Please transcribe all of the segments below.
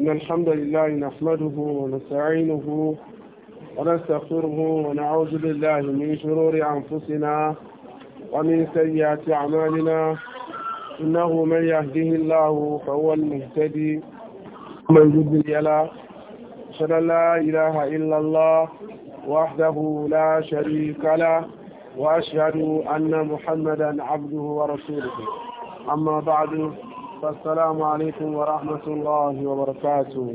إن الحمد لله نحمده ونستعينه ونستغفره ونعوذ بالله من شرور أنفسنا ومن سيئات أعمالنا إنه من يهده الله فهو المهتدي ومن يضلل له أشهد أن لا إله إلا الله وحده لا شريك له وأشهد أن محمدا عبده ورسوله أما بعد السلام عليكم ورحمة الله وبركاته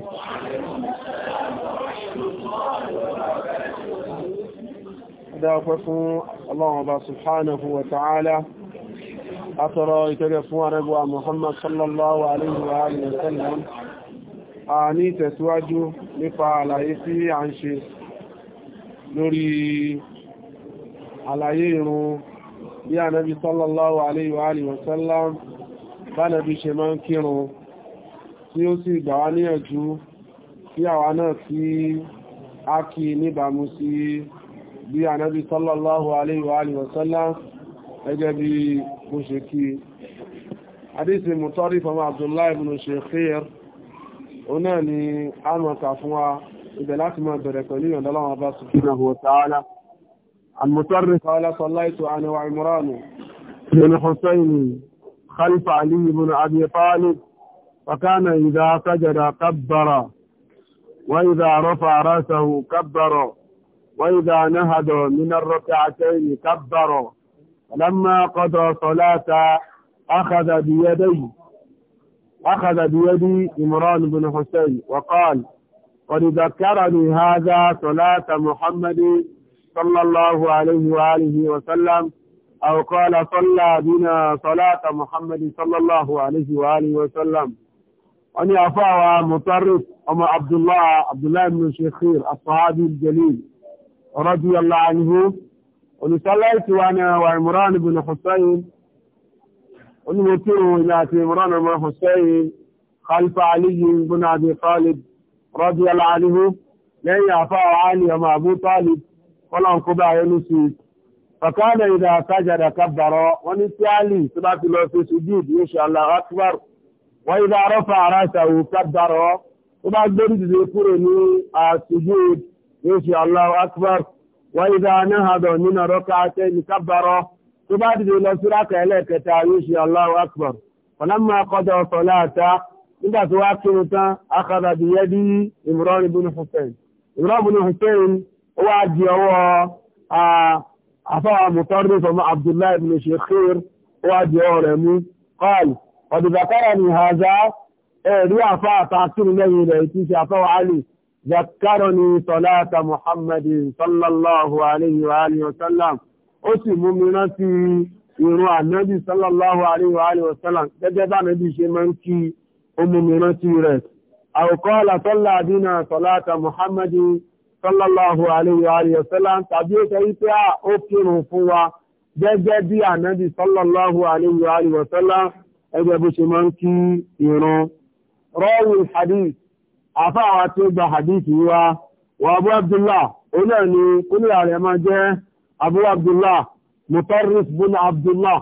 دافقوا الله سبحانه وتعالى أترى يتدفوا ربوا محمد صلى الله عليه وآله وسلم آني تتواجه لفع عليه عن شيء نري عليه يا نبي صلى الله عليه وآله وسلم bánàbí ṣe máa ń kírun tí ó sì gbà wá níyànjú kí àwa náà tí a kí níbàmú sí bí ànábí sallallahu alaihi wa sallam ẹgẹ́ bí mo ṣe kí àdísì mùtọ́rí fọmọ Abdullahi ibn Shakhir o náà ni a mọ̀ta fún wa ibẹ̀ láti قال صليت أنا وعمران بن حسين خلف علي بن أبي طالب وكان إذا سجد كبر وإذا رفع رأسه كبر وإذا نهض من الركعتين كبر فلما قضى صلاة أخذ بيدي أخذ بيدي إمران بن حسين وقال قد ذكرني هذا صلاة محمد صلى الله عليه وآله وسلم أو قال صلى بنا صلاة محمد صلى الله عليه وآله وسلم أني أفاوى مطرف أما عبد الله عبد الله بن شخير الصحابي الجليل رضي الله عنه ونصليت وأنا وعمران بن حسين ونمتره إلى عمران بن حسين خلف علي بن أبي طالب رضي الله عنه لأن أفاوى علي وما أبو طالب ولا أنقبع ينسيك ọ̀kadà ìdá àtàjàdà kábàárọ̀ wọ́n ní tí àlì tó bá ti lọ sí sujúd inshallah akbar wọ́n ìdá arọ́fà ara ṣàwù kábàárọ̀ tó bá gbórí dìde kúrò ní sujúd inshallah akbar wọ́n ìdá anáhàdọ̀ nínú ọ̀rọ̀ká sẹ́yìn kábàárọ̀ tó bá dìde lọ sí rákà ẹlẹ́ẹ̀kẹta inshallah akbar falamma afáwà mùtọ́rí sọmọ abdullahi ibn shekhir wà di ọ̀rẹ́ mú kọ́ọ̀lù ọ̀dùdàkọ́rọ̀ ní haza ẹ̀rí afáà tààtùn lẹ́yìn rẹ̀ tí ṣe afáwà alì zakarọ̀ ní sọláta muhammadin sallallahu alayhi wa alihi wa sallam ó sì mú mi rántí ìrun ànábì sallallahu alayhi wa alihi wa sallam gẹ́gẹ́ bá nàbì ṣe máa ń kí ó mú mi rántí rẹ̀ àwòkọ́ àlàtọ́lá àdínà sọláta muhammadin sallallahu alayhi wa sallam tàbí ó sọ wípé à ah, ó kírun fún wa gẹ́gẹ́ bí ànábì sallallahu alayhi wa sallam ẹgbẹ́ bó ṣe máa ń kí ìrun rọ́wùl hadith àfa àwọn tó gba hadith yìí wa wà abu abdullah òun náà ni kúnlẹ̀ rẹ̀ máa jẹ́ abu abdullah mutarrif bin abdullah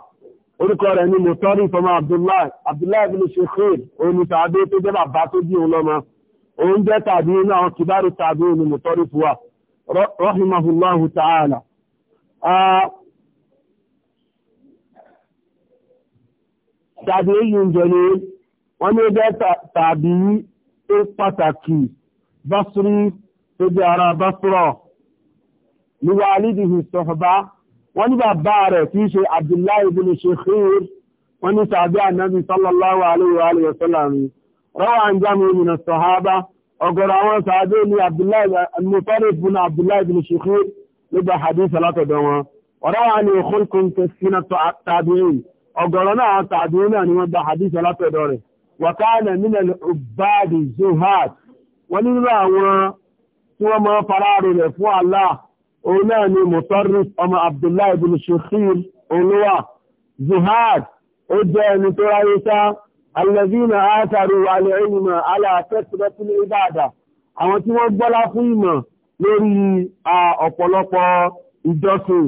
orúkọ rẹ̀ ni mutarrif ọmọ abdullah abdullah bin shekhir oníṣàdé tó jẹ́ bàbá tó bí òun lọ́mọ òun jẹ́ tàbí iná àwọn kìbárí tàbí inú mọ̀tọ́rí fúwà rahimahullahu ta'ala tàbí yìí jẹ́lẹ̀ wọ́n ní jẹ́ tàbí tó pàtàkì basri tó jẹ́ ara basra ní wàlídìí sọ̀fàbá wọ́n ní bàbá rẹ̀ tí í ṣe abdullahi bin shekhir wọ́n ní tàbí annabi sallallahu alaihi wa sallam rọ́wà ń jámi ìrìnà sọ̀hábá ọgọ́rọ̀ àwọn sàádé ní Abdullahi bin Abdullahi bin Shukri nígbà hadith látọ̀dọ̀ wọn rọ́wà ní ìkúnkún kẹsìnà tàbíyìn ọgọ́rọ̀ náà tàbíyìn náà ni wọ́n gba hadith látọ̀dọ̀ alẹ́bínà átàrí alẹ́ ìmọ̀ aláàfẹ́sìlẹ́sìn ìbáàdà àwọn tí wọ́n gbọ́lá fún ìmọ̀ lórí ọ̀pọ̀lọpọ̀ ìjọsìn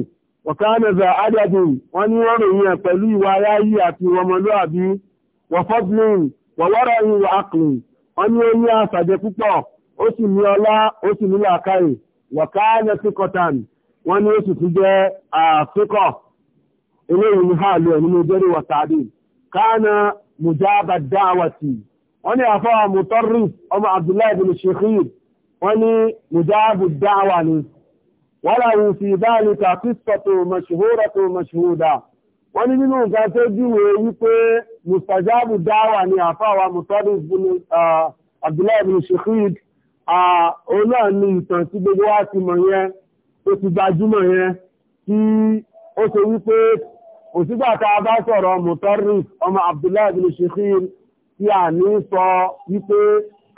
ọ̀kánẹ̀bẹ̀ adẹ́dùn wọ́n ní wọ́n ròyìn ẹ̀ pẹ̀lú ìwà aráyí àti ọmọlúàbí wọ̀fọ́dún wọ̀wọ́rọ̀ ìwà akùn wọ́n ní ó ní àṣàjẹ púpọ̀ ó sì ní ọlá ó sì ní làákàyè wọ̀kánẹ̀ síkọtàn mujaba dáwàtì wọ́n ní àfáà mùtọ́rì ọmọ abdullahi bin shekhir wọ́n ní mujabu dáwà ni wọ́n láwọn fi báyìí kàkísọ̀tò mashhuratu mashhuda wọ́n ní nínú nǹkan tó júwe wípé mustajabu dáwà ni àfáà mùtọ́rì abdullahi bin shekhir òun náà ní ìtàn tí gbogbo wa ti mọ̀ yẹn ó ti gbajúmọ̀ yẹn tí ó ṣe wípé kò sígbà tá a bá sọ̀rọ̀ Mutarrif ọmọ Abdullahi bin Shikhir tí a ní sọ wípé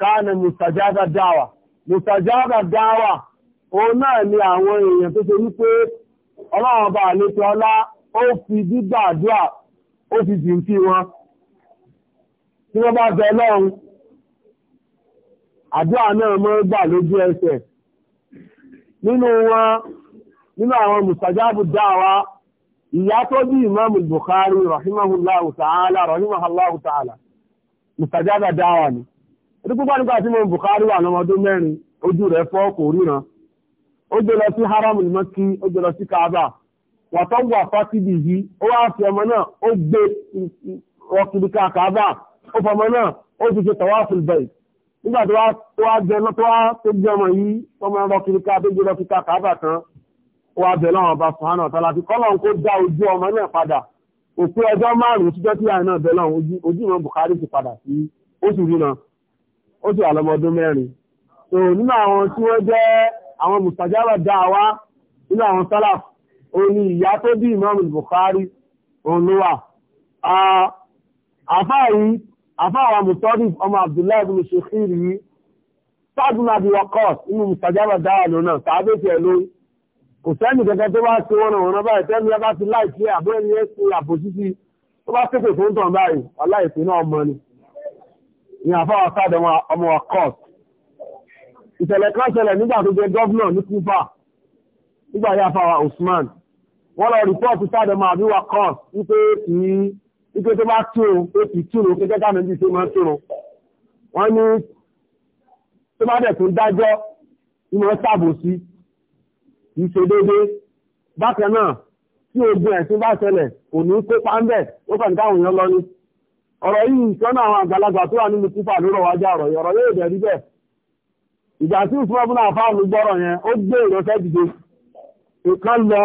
káàna mustajaba dáwà mustajaba dáwà òun náà ni àwọn èèyàn tó ṣe wípé ọlọ́run bá àlejò ọlá ó fi gbígbàdúrà ó fi dì sí wọn tí wọ́n bá bẹ lọ́run àdúrà náà mọ́ gbà lójú ẹsẹ̀ nínú wọn nínú àwọn mustajabu dáwà ìyá tó bí imamu bukhari rahimahullahu ta'ala rahimahullahu ta'ala mustajaba dáwà ni ìdúgbò nígbà tí mo bukhari wà lọ́mọ ọdún mẹ́rin ojú rẹ̀ fọ́ kò ríran ó gbé lọ sí haramu mọ́kí ó gbé lọ sí kaaba wàtọ́ wà fásitì yìí ó wá fi ọmọ náà ó gbé ọkùnrin ká kaaba ó fọmọ náà ó ti ṣe tawaful bayt nígbà tó wá jẹ náà tó gbé ọmọ yìí ọmọ ọkùnrin ká tó gbé lọ kaaba kan wá bẹ̀ lọ́wọ́ ọba sùhánà ọ̀tọ́lá fi kọ́lọ̀ kó dá ojú ọmọ náà padà òpin ọjọ́ márùn-ún tíjọ́ tí àìná bẹ̀ lọ́wọ́ ojú ìmọ̀ Buhari ti padà sí oṣù rínà oṣù àlọ́mọdún mẹ́rin so nínú àwọn tí wọ́n jẹ́ àwọn mustajaba dáwà nínú àwọn sálàf òun ni ìyá tó bí ìmọ̀mù Buhari òun ló wà àfáàrí àfáàwà mùsọ́rí ọmọ Abdullahi bin Shekhir yìí sáàdùn nínú mustajaba dáwà lónà sàádé tiẹ̀ lóyún kò sẹ́ni kankan tó bá ṣe wọn ràn wọn báyìí tẹ́ni ẹ bá ti láìsí àbúrò ẹni ẹ ṣe àbòsíṣi tó bá ṣépè fún tàn báyìí aláìsí náà mọ ni ní àfáwà sáàdì ọmọ ọkọ̀t ìṣẹ̀lẹ̀ kan ṣẹlẹ̀ nígbà tó jẹ gọ́vnà ní Kúfà nígbà yà fáwà Usman wọ́n lọ rìpọ́ọ̀tì sáàdì ọmọ àbíwá kọ́t wípé kì í wípé tó bá túrun ó ti túrun kékeré káàmì bí ṣe máa túrun wọ́n ní tó bá dẹ̀ tún dájọ́ ìmọ̀ sábòsí kìí bákan náà tí ogun ẹ̀sìn bá ṣẹlẹ̀ kò ní kópa ń bẹ̀ ó kàn káwọn èèyàn lọ ni ọ̀rọ̀ yìí ìṣọ́nà àwọn àgbàlagbà tó wà nínú kúfà ló rọ̀ wájà ọ̀rọ̀ yọ̀rọ̀ yóò dẹ̀ bẹ̀? ìgbà tí ìfúnra fún gbọ́rọ̀ yẹn ó gbé dìde nǹkan lọ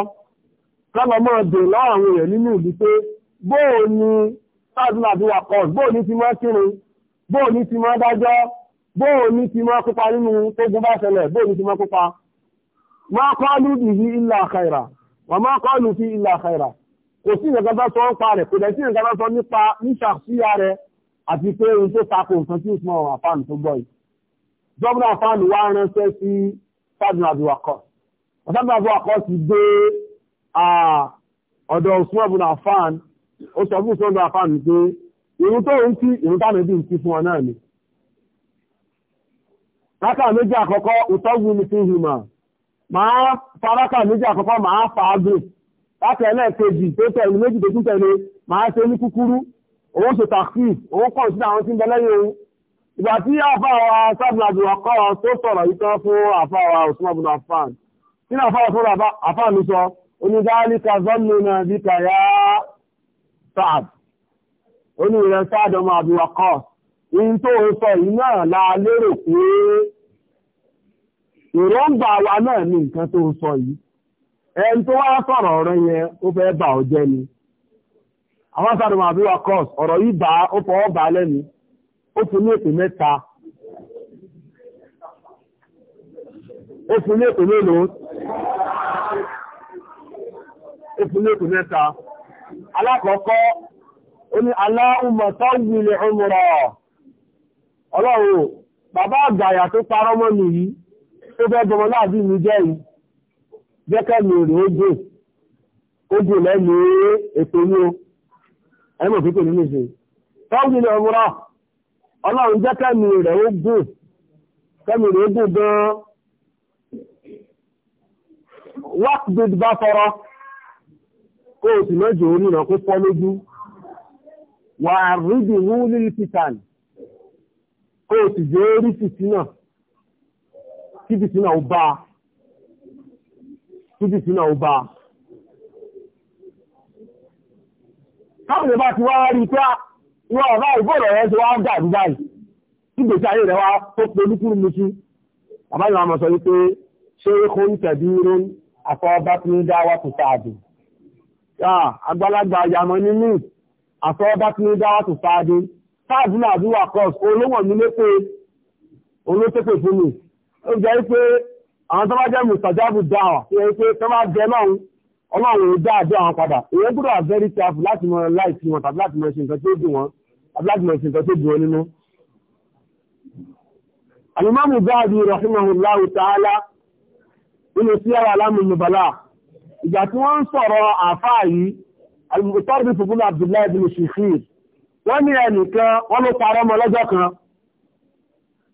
dè nínú nínú tógun ma kọ́lù bihi illa khaira wà ma kọ́lù fi illa khaira kò sí nǹkan bá sọ ń pa rẹ̀ kò dẹ̀ sí nǹkan bá sọ nípa níṣàkóso rẹ̀ àti pé ohun tó tako nǹkan tí Usman Afan tó gbọ́ yìí gọ́ọ̀nà Afan wá ránṣẹ́ sí sábìnà àbúwakọ́ sábìnà àbúwakọ́ ti dé ọ̀dọ̀ Usman Afan ó sọ fún Usman Afan pé irun tó ń kí irun táwọn ẹbí ń fún ọ náà ni. méjì àkọ́kọ́ ni máa faraka méjì àkọ́kọ́ máa fàágùn láti ẹlẹ́ẹ̀kejì tó tẹ̀lé méjì tó tún tẹ̀lé máa ṣe ní kúkúrú owó ṣe tàkì owó kàn sí àwọn tí ń bẹ lẹ́yìn ohun ìgbà tí àfáwà sábìnàbì ọkọ̀ tó sọ̀rọ̀ yìí tán fún àfáwà òsùnmọ̀bùnà fan kí ni àfáwà fún àfáà mi sọ onígbàálì kazọ́nù náà bí kàyà sáàd oní ìrẹsàdọ̀mọ̀ àbúwakọ̀ ìyìn tó ń sọ yìí náà la lérò pé èròǹgbà àwa náà ní nǹkan tó ń sọ yìí ẹni tó wá sọ̀rọ̀ ọ̀rọ̀ yẹn ó fẹ́ ni àwọn sáré àbíwá ọ̀rọ̀ yìí bá ó fọwọ́ bá lẹ́nu ó fún ní èpè mẹ́ta ó fún ní èpè mélòó ó bàbá tó parọ́ mọ́ tó fẹ́ bọmọ láàbí mi jẹ́ yìí jẹ́kẹ́ mi rè é dùn ó dùn lẹ́nu ètò mi o ẹ mọ̀ pípé nínú ìsìn tọ́wọ́n ní ọmọrọ̀ ọlọ́run jẹ́kẹ́ mi rẹ̀ ó dùn kẹ́mi rè é dùn gan-an wákìdì bá fọ́rọ́ kó o sì lọ́jọ́ orí náà kó fọ́ lójú wà á rí ìdìwú lílì pìtàn kó o sì jẹ́ orí fìtì náà kí fìtínà ó bá kí fìtínà ó bá káàkiri bá ti wá rí pé wọ́n ọ̀rá ìgbòrò rẹ̀ ti wá ń dà dídá yìí tí gbèsè ayé rẹ̀ wá tó pé olúkúrú mu sí àbáyọ̀ àmọ̀ sọ wípé ṣé kó ń tẹ̀bí irun afọ tí ń dá wá tó sáàdì àgbàlagbà àyàmọ̀ ní mí afọ tí ń dá wá tó sáàdì sáàdì náà àdúrà cross olówó mi lépè olóṣèpè fún mi ó jẹ́ pé àwọn tó bá jẹ́ mùsàjáàbù dá wà tó yẹ pé tó bá jẹ lọ́run ọlọ́run ò dáadọ́ àwọn padà èyí gbọ́dọ̀ wà very careful láti mọ láìsí wọn tàbí láti mọ ṣe nǹkan tó dùn wọn tàbí láti mọ ṣe nǹkan tó dùn wọn nínú. alimami báàbí rahimahullahu ta'ala nínú sí ara alámùmùbálà ìgbà tí wọ́n ń sọ̀rọ̀ àáfàá yìí alimutari fúnfún abdullahi bin shihir wọ́n ní ẹnìkan wọ́n ló parọ́ mọ́ lọ́jọ́ kan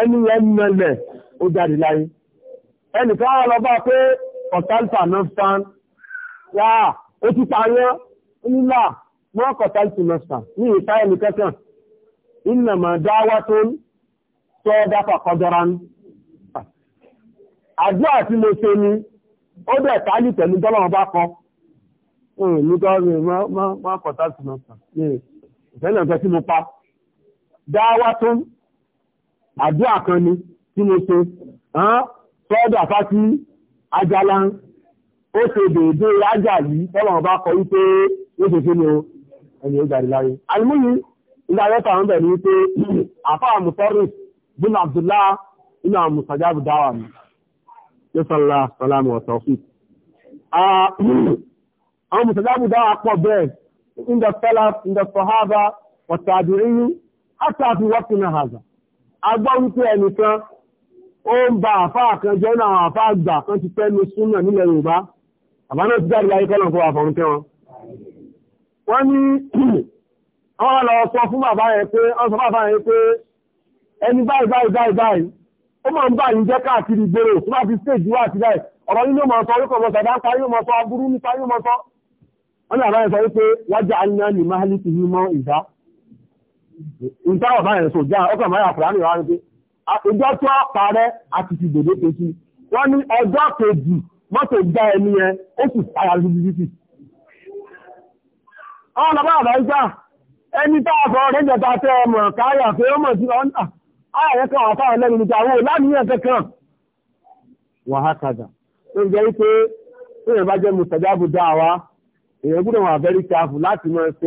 ẹni yẹn mẹ́lẹ̀ ó jáde láyé ẹnìkan wà lọ́ba pé kọ̀tálfà náà fan wá ó ti pààyàn nílà mọ́ kọ̀tálfà náà fan ní ìta ẹnìkẹ́kàn ìnàmọ̀ dáwà tó ń tọ́ dáfà kọjọra ní. àdúrà tí mo ṣe ni ó dẹ̀ tálì pẹ̀lú tọ́lọ́wọ́n bá kọ́ nítorí mọ́ kọ̀tálfà náà fan ní ìfẹ́lẹ̀ nǹkan tí mo pa dáwà tó ń àdúrà kan ni tí mo ṣe sọ́dọ̀ àfáàtì ajala ó ṣe dèédé ajá yìí tọ́lọ̀ bá kọ wípé ó ṣe ṣe ni o ẹni ó jáde láyé àìmúyí ilé ayẹ́ta ń bẹ̀ ní wípé àfáà mùsọ́rì bin abdullah inú àwọn mùsàjáàbù dáwà mi yóò sọ́lá sọ́lámù ọ̀tọ̀ọ̀fì àwọn mùsàjáàbù dáwà pọ̀ bẹ́ẹ̀ in the salaf in the sahaba wa tabi'in agbọ́ wípé ẹnìkan ó ń ba àfáà kan jẹ́ ní àwọn àfáà àgbà kan ti pẹ́nu súnmọ̀ nílẹ̀ Yorùbá àbá náà ti jáde láyé kọ́nà fún àfọ̀rún tẹ́ wọn. wọ́n ní wọ́n lọ sọ fún bàbá yẹn pé wọ́n sọ bàbá yẹn pé ẹni báyìí báyìí báyìí báyìí ó máa ń bá ìtawọ̀ bá yẹn sòjá ọkọ̀ mẹ́rin àkùránì wá wípé ọjọ́ tó parẹ́ àti ti dòdó kejì wọ́n ní ọjọ́ kejì mọ́tò gbá ẹni yẹn ó sì sára lójú títì. àwọn ọ̀nà báwọn ọ̀dọ́ ẹni tá a fọ ọ̀rẹ́ ìjọba tẹ ọmọ káyà pé ó mọ̀ sí ọ̀nà ààrẹ kan wà fáwọn lẹ́nu níta owó láníyàn kankan. wàhákàdà ó jẹ́ wípé ó yẹn bá jẹ́ mùsàdábù dáa wa èèyàn gbọ́dọ̀ wà very careful láti máa ṣe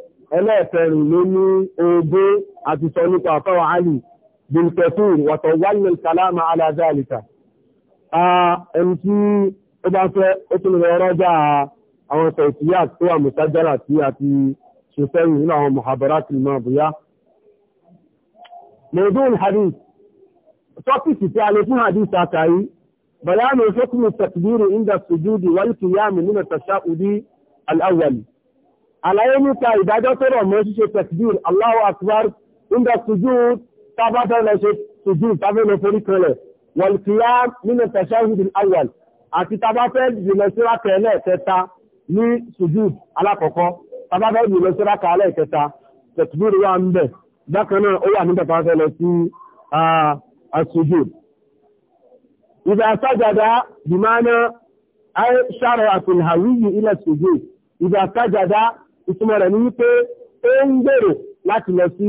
ẹlẹ́ẹ̀kẹrin ló ní ogún àti sọ nípa àfáwà alì bilkefir wàtọ̀ wálẹ̀ kalama aládàlìkà ẹni tí ó bá fẹ́ ó tún lọ rọ́jà àwọn tẹ̀síyà tó wà mùsájára sí àti ṣùfẹ́yìn nínú àwọn muhabarati náà bóyá mọ̀dún hadith tọ́pìkì tí àlàyé nípa ìdájọ́ tó rọ̀ mọ́ ṣíṣe tẹ̀sídìr Allahu akbar nígbà sojú tábàtẹ́lẹ̀ ṣe sojú tábẹ́lẹ̀ forí kanlẹ̀ wọ̀lùkìyà nínú tashahhud al-awwal àti tábàtẹ́ jùlọ síra kẹlẹ̀ kẹta ní sojú alákọ̀ọ́kọ́ tábàtẹ́ jùlọ síra kẹlẹ̀ kẹta tẹ̀sídìr wà ń bẹ̀ bákan náà ó wà nígbà tábàtẹ́lẹ̀ sí asojú. ìgbà ìtumọ̀ rẹ̀ ní wípé ó ń gbèrò láti lọ sí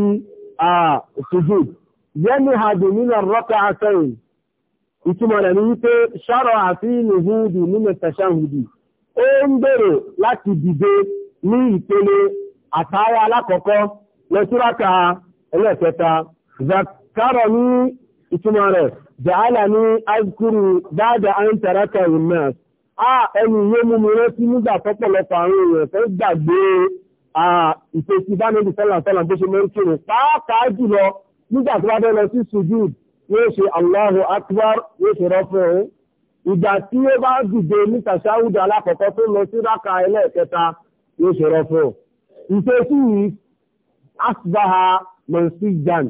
sujud yẹ́nì hajj nínú rọ́kà àtẹ̀yìn ìtumọ̀ rẹ̀ ní wípé ṣọ́rọ̀ àti nìhúdì nínú tẹ̀sánhùdì ó ń gbèrò láti dìde ní ìpele àtàwọn alákọ̀ọ́kọ́ lọ́túráka ẹlẹ́ẹ̀kẹta zakaro ní ìtumọ̀ rẹ̀ jàálà ní azkuru dáadáa ń tẹ̀rẹ́kẹ̀ ìmẹ́s ẹni ìwé mú mi rántí nígbà tọ́pọ̀lọpọ̀ àwọn èèyàn fẹ́ gbàgbé ìfèsì bánẹ́bí sọ́là sọ́là bó ṣe mọ́ ń kírun pàápàá jùlọ nígbà tó bá fẹ́ lọ sí sujud yóò ṣe Allahu akbar yóò ṣe rọ́fẹ́ òun ìgbà tí ó bá dìde ní tàṣáwùdù alákọ̀ọ́kọ́ tó lọ sí ráka ẹlẹ́ẹ̀kẹta yóò ṣe rọ́fẹ́ òun ìfèsì yìí asbaha mọ̀nsíjan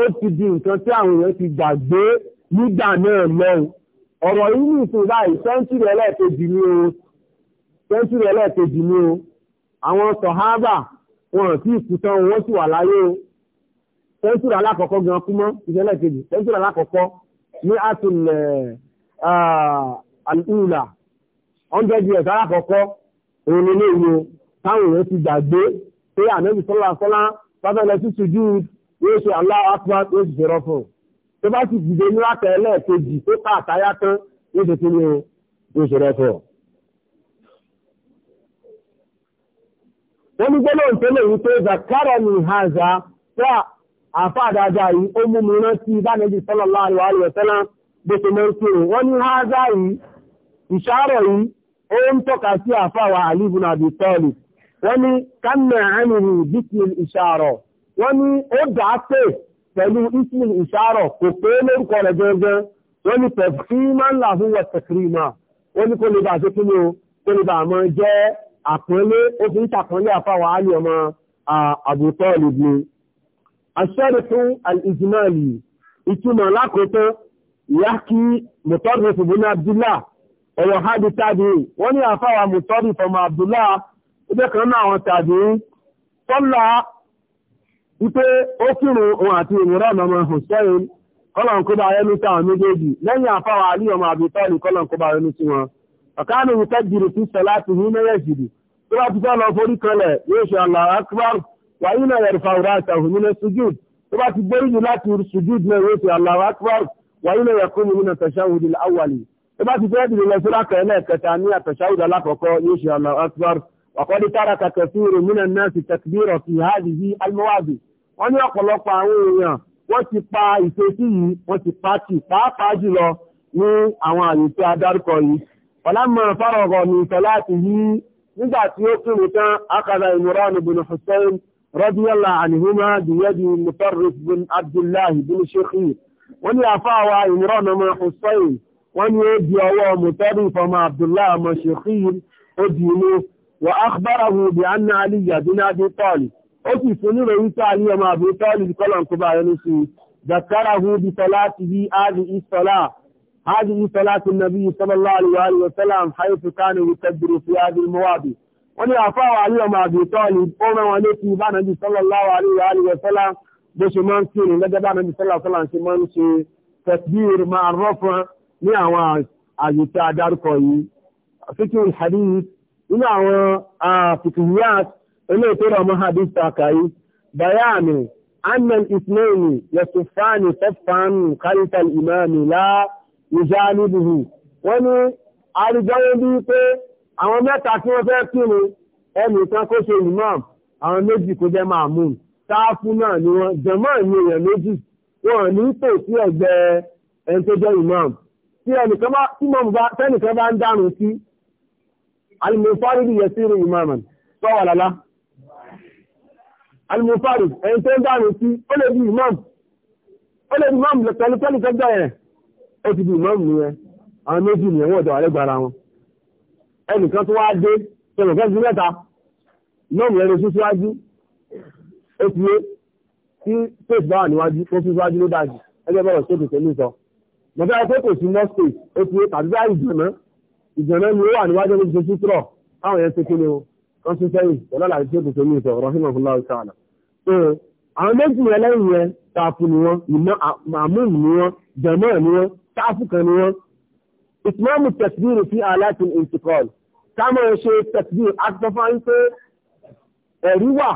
ó ti di nǹkan tí àwọn èèyàn ti gbàgbé nígbà náà lọ́wọ́ ọ̀rọ̀ yìí ní ìsìn báyìí sẹ́ńtúrì ẹlẹ́ẹ̀kejì ni o sẹ́ńtúrì ẹlẹ́ẹ̀kejì ni o àwọn sọ̀hábà wọn àti ìkùtàn wọn sì wà láyé o sẹ́ńtúrì alákọ̀ọ́kọ́ gan kú mọ́ ìṣẹ̀lẹ̀ kejì sẹ́ńtúrì alákọ̀ọ́kọ́ ní àtúnlẹ̀ àlùlà eh, ah, hundred years alákọ̀ọ́kọ́ òun ni ilé ìlú táwọn èèyàn ti gbàgbé pé ànábì sọ́lá sọ́lá sábẹ́lẹ̀ sí sùjú yóò ṣe aláwọ̀ apá yóò sì ṣe rọ́fún. tó bá sì dìde ní láti ẹlẹ́ẹ̀kejì tó ká àtáyá tán ní ṣe ní ṣe wọ́n ní gbọ́dọ̀ yìí zakara ní haza tó àfa dáadáa yìí ó mú mi rántí ìbánẹ́bí sallallahu alaihi wa sallam bó ṣe máa ń kúrò wọ́n pẹ̀lú ismail ìṣàrọ̀ kò pé lórúkọ rẹ̀ gẹ́gẹ́ wọ́n ní tẹ̀fíìmá ńlá fún wọ tẹ̀fíìmá wọ́n ní kó lè bá ṣe kí ni o kó lè bá mọ́ jẹ́ àpọ́nlé ó fi ń ṣàpọ́nlé àfàwọ̀ àlè ọmọ Abu Talib ni. aṣẹ́rì fún al-ijmali ìtumọ̀ lákòótọ́ ìyá kí mutarrif ibn Abdullah ọ̀wọ̀ hadi tàbí wọ́n ní àfàwọ̀ mutarrif ọmọ Abdullah ó bẹ́ẹ̀ kan náà àwọn tàbí tọ́lá wípé ó kírun òun àti òmìnira ọmọ hussein kọ́lọ̀nkóbá ẹnu táwọn méjèèjì lẹ́yìn àfáwà alí ọmọ àbítọ́lì kọ́lọ̀nkóbá ẹnu sí wọn ọ̀kánù wípé jìrì sí sọ láti ní mẹ́rẹ̀ jìrì tó bá ti fẹ́ lọ forí kanlẹ̀ yóò ṣe Allahu akbar náà yẹrù fàwùrà àtàwùn nínú sujud tó bá ti gbórí jù láti sujud náà yóò ṣe Allahu akbar náà yẹkùn وقد ترك كثير من الناس تكبير في هذه المواضع wọ́n ní ọ̀pọ̀lọpọ̀ àwọn èèyàn wọ́n ti pa ìfẹ́sí yìí wọ́n ti pa tì pàápàá jùlọ ní àwọn àyè tí a dárúkọ yìí ọ̀làmọ̀ fárọ̀rọ̀ ní ìtọ́láàtì yìí nígbà tí ó kí mi tán akada Imran bin Hussein radiyallahu anhuma biyadi Mutarrif bin Abdullahi bin Shikhir wọ́n ní àfáàwà Imran ọmọ Hussein wọ́n ní ó di ọwọ́ Mutarrif ọmọ Abdullahi ọmọ Shikhir ó di inú wà ákbárahu bí a ní aliyà bí náà bí tọ́ọ̀lì ó sì fún ní ròyìn tó aliyà máa bí tọ́ọ̀lì bí kọ́lọ̀ kó bá yẹnu sí zakarahu bí tọ́lá ti bí áàdì ìsọ́lá áàdì ìsọ́lá ti nàbí sọ́lọ́lá àlùwà àlùwà sálàm haifu kánú wùtẹ́bìrì fi áàdì mọ́wàbì wọ́n ní àfáwà aliyà máa bí tọ́ọ̀lì ó rán wọn létí bá nàbí sọ́lọ́lá àlùwà àlùwà nínú àwọn àfikìyà ilé ìtura ọmọ hadith takayi bayani annan ismaili yasufani safanu karital imami la ìjánibuhu wọ́n ní àríjọ́wé bí pé àwọn mẹ́ta tí wọ́n fẹ́ kírun ẹnì kan kó ṣe imam àwọn méjì kó jẹ́ màmúù sáàfù náà ni wọ́n jẹ̀mọ́ ìní èèyàn méjì wọn ní tò sí ẹgbẹ́ ẹni tó jẹ́ imam tí ẹnìkan bá ń dànù sí alìmọ̀fárìdì yẹ sí rí ìmọ̀mọ̀ sọ́wà lálá alìmọ̀fárìdì ẹni tó ń dáàrin sí ó lè di imam ó lè di imam pẹ̀lú pẹ̀lú tẹ́gbà ẹ̀ ó ti di imam ní ẹ àwọn méjì ní ẹwọ́ ọ̀dọ̀wà lẹ́gbàra wọn ẹnìkan tó wá dé tẹ̀mọ̀ kẹ́sì mẹ́ta imam rẹ̀ ló síwájú ó ti yé tí space bá wà níwájú ó fi síwájú ló dájú ẹgbẹ́ bọ̀rọ̀ sókè tẹ̀lé sọ mọ̀tẹ́ ọkọ̀ kò sí mọ́ space ó ti yé tàbí báyìí jẹ̀ mọ́ ìjọba ni ó wà níwájú ní ṣe sútúrọ̀ táwọn yẹn ti kí ni o wọ́n tún sẹ́yìn pẹ̀lú àlàyé tí ó kò tó ní ìtọ̀ rọ́ṣìmọ̀ fún láwùjọ àlà. àwọn méjì yẹn lẹ́yìn yẹn tààfù ni wọ́n ìmọ̀ àmúm ni wọ́n jẹ̀mọ́ ni wọ́n tààfù kan ni wọ́n. ìsìmọ́mù tẹ̀síbìrì fi aláàtì ìtìkọ́ọ̀lù táwọn ṣe tẹ̀síbìrì àtọ́fà ń pé ẹ̀rí wà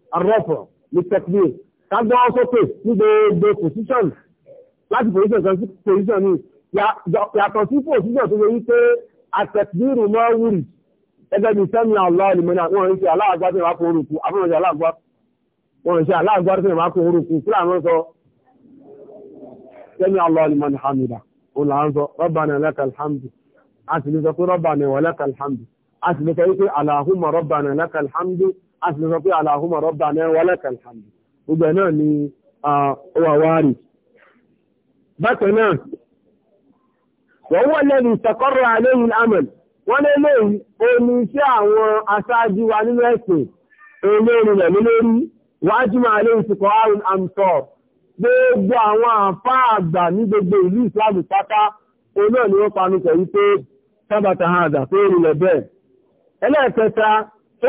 wípé ní tẹ́kbí kágbọ́ sókè ní gbogbo position láti position kan sí position ní yàtọ̀ sí position tó yẹ wípé àtẹ̀kbírù náà wùrì gẹ́gẹ́ bí sẹ́mi àlọ́ ìlúmọ́nà wọ́n ń ṣe aláàgbá tí wọ́n kó orúkú àbúrò ṣe aláàgbá wọ́n ń ṣe aláàgbá tí wọ́n kó orúkú kí làwọn sọ sẹ́mi àlọ́ ìlúmọ́nà hamida ó là ń sọ rabbana a sì lè sọ pé rabbana wa lakal hamdu a sì lè sọ wípé allahumma rabbana lakal hamdu a sì sọ pé Allahumma rabbana wa lakal hamd gbogbo ẹ̀ náà ni ọwà wárì bákan náà wọ́n wọ́n lẹ́nu ìtẹ̀kọ́rọ̀ àléyìn amẹ̀l wọ́n lé lóyìn omi iṣẹ́ àwọn aṣáájú wa nínú ẹ̀sìn olórin rẹ̀ lórí wájú máa lé ìsìnkọ̀ àrùn àmsọ̀ gbogbo àwọn àfá àgbà ní gbogbo ìlú ìsìlámù pátá olóò ni wọ́n panu pẹ̀lú pé sábàtà àgbà tó rìn lẹ̀ ẹlẹ́ẹ̀kẹta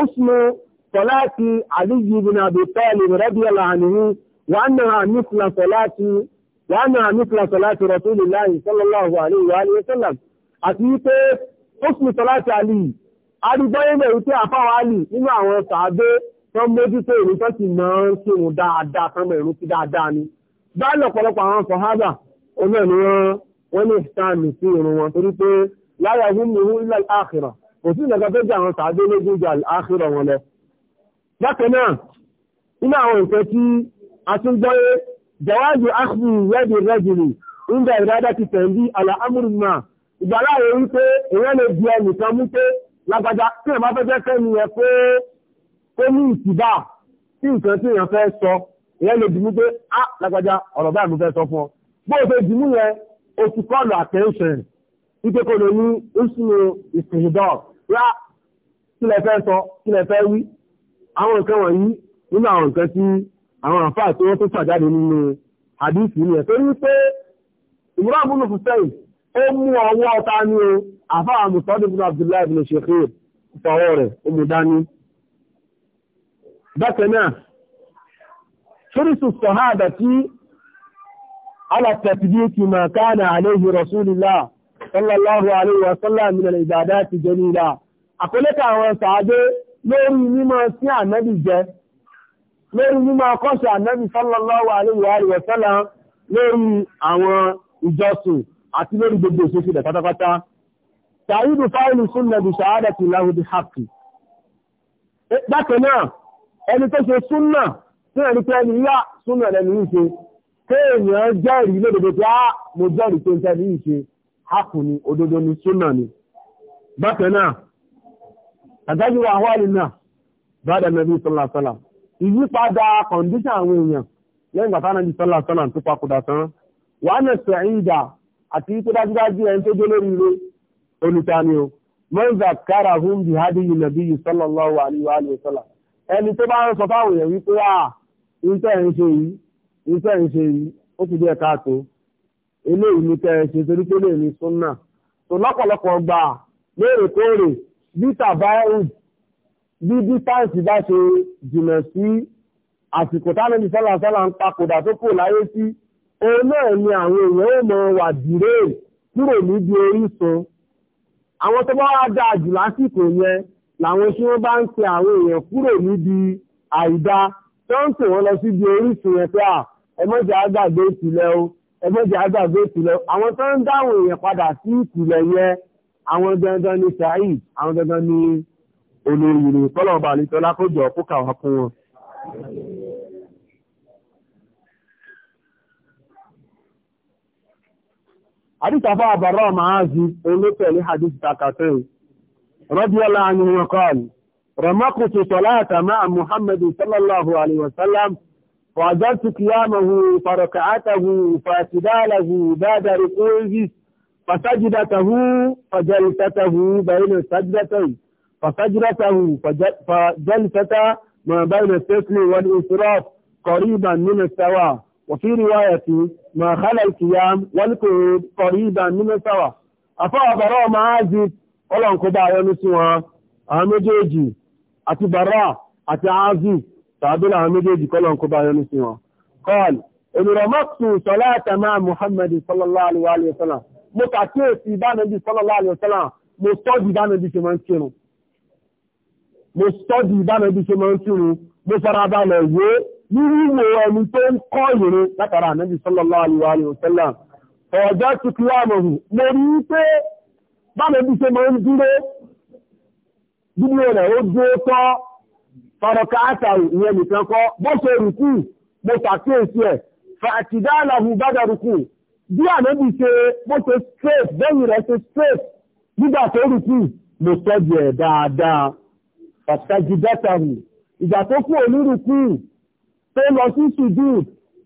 ó súnmọ́ صلاة علي بن أبي طالب رضي الله عنه وأنها مثل صلاة وأنها مثل صلاة رسول الله صلى الله عليه وآله وسلم أتيت حسن صلاة علي àdúgbọ́yé mẹ́rin tí àfáwà lì nínú àwọn sàádé tán mójútó ìlú tán ti mọ́ ń kírun dáadáa tán mẹ́rin sí dáadáa ni bá lọ̀pọ̀lọpọ̀ àwọn sọ̀hábà oní ẹ̀mí wọn wọ́n ní ìsáàmì sí irun wọn torí pé láyà húnmí hún ilẹ̀ àkìrà kò sí ìlẹ̀kọ́ tó jẹ́ àwọn sàádé lójú ju àkìrà wọn lẹ̀ bákan náà nínú àwọn nǹkan tí a tún gbọ́yé jawazu akhdi yadi rajuli nígbà ìrádá ti tẹ̀lé àlàámùrùmá ìgbàláyé wípé èèyàn lè di ẹnìkan mú pé lágbàjá tí èèyàn bá fẹ́ fẹ́ fẹ́ nìyẹn pé ó ní ìtìbà tí nǹkan tí èèyàn fẹ́ sọ èèyàn lè dìmú pé á lágbàjá ọ̀rọ̀ báyìí wí àwọn nǹkan wọ̀nyí nínú àwọn nǹkan tí àwọn àǹfà tí wọ́n tó pàjáde nínú hadith ni ẹ̀ torí pé Imran ibn Hussein ó mú ọwọ́ ọta ní o àfà àmùtọ́dé ibn Abdullahi ibn Shekhir fọwọ́ rẹ̀ omudani bákan náà ṣírísù sọ̀hádà tí alàtàtìdí kí ma káàna àléhì àwọn sàádé lórí mímọ̀ sí ànábì jẹ lórí mímọ̀ akọ́ṣẹ́ ànábì sallallahu alaihi wa sallam lórí àwọn ìjọsìn àti lórí gbogbo ìṣẹ́sílẹ̀ pátápátá tàídù fáìlì súnnà bí ṣàádà ti láhùdí hàkì bákan náà ẹni tó ṣe súnnà tí ẹni pé ẹni yá súnnà lẹ́nu ìṣe kéèyàn jẹ́rìí lódodo pé ah, á àtàjú àwọn àlìnà bàdà nàbí sallallahu alaihi wasallam ìyípadà kọ̀ǹdíṣàn àwọn èèyàn lẹ́yìn bàtà nàbí sallallahu alaihi wasallam tó papòdà tán wà nà sẹ̀yìndà àti tó ẹni tó jẹ́ lórí ire o mọ́ńzà kára hùn bí hádìyí nàbí yìí sallallahu alaihi wasallam ẹni tó lè ní bí tàbáyìn bí dítàǹsì bá ṣe jìnà sí àsìkò tánàbí sálàsálà ń papòdà tó kò láyé sí òun náà ni àwọn èèyàn ó mọ wà dìré kúrò níbi orísun àwọn tó bá wá dáa jù lásìkò yẹn làwọn tí wọ́n bá ń pe àwọn èèyàn kúrò níbi àìdá tó ń pè wọ́n lọ síbi orísun yẹn pé à ẹmọ́jà àgbàgbé ìpìlẹ̀ o ẹmọ́jà àgbàgbé ìpìlẹ̀ o àwọn tó ń dáwọn èèyàn padà sí ìpìlẹ̀ yẹn àwọn dandan ni saheed àwọn dandan ni olóyìnbó tọ́lọ̀ọ̀bà àlítọ́lá kó jọ kó kàwà kún wọn àdìsàfà àbàrà màázi olóòtẹ̀lé hadith takatẹ́ rọ́bíọ́lá ni wọn kọ́ọ̀lù رمقت صلاة مع محمد صلى الله عليه وسلم وعذرت قيامه فركعته فاعتداله فسجدته فجلسته بين السجدتين فسجدته فجلسة ما بين الثقل والإسراف قريبا من السواء وفي رواية ما خلا القيام والقعود قريبا من السواء أفا براء معازف ọlọ́run kó bá ayọ́nú sí wọn àwọn méjèèjì àti bàrá àti aázi tàbílà àwọn méjèèjì kọ́lọ́run kó bá ayọ́nú sí muhammadu sallallahu alaihi wa sallam mo kàkíyèsí ìbánibí sallallahu alaihi wasallam mo sọ́dí ìbánibí ṣe máa ń kírun mo sọ́dí ìbánibí ṣe máa ń kírun mo farabalẹ̀ wé wíwíwo ẹni tó ń kọ́ ìrìn látara ànábì sallallahu alaihi wasallam ọ̀jọ́ ti kí wá mọ̀ hù mo rí pé bánibí ṣe máa ń dúró dúró rẹ̀ ó dúró tọ́ fọ̀rọ̀ká àtàrí ìyẹn nìkan kọ́ bó ṣe mo ṣàkíyèsí ẹ̀ fàtìdá bí ànábì ṣe bó ṣe straight bẹ́yìn rẹ̀ ṣe straight nígbà tó rù kù mo tọ́jú ẹ̀ dáadáa ọ̀tẹ́jú dẹ́ta hù ìgbà tó kú onírù kù tó lọ sí ṣùdù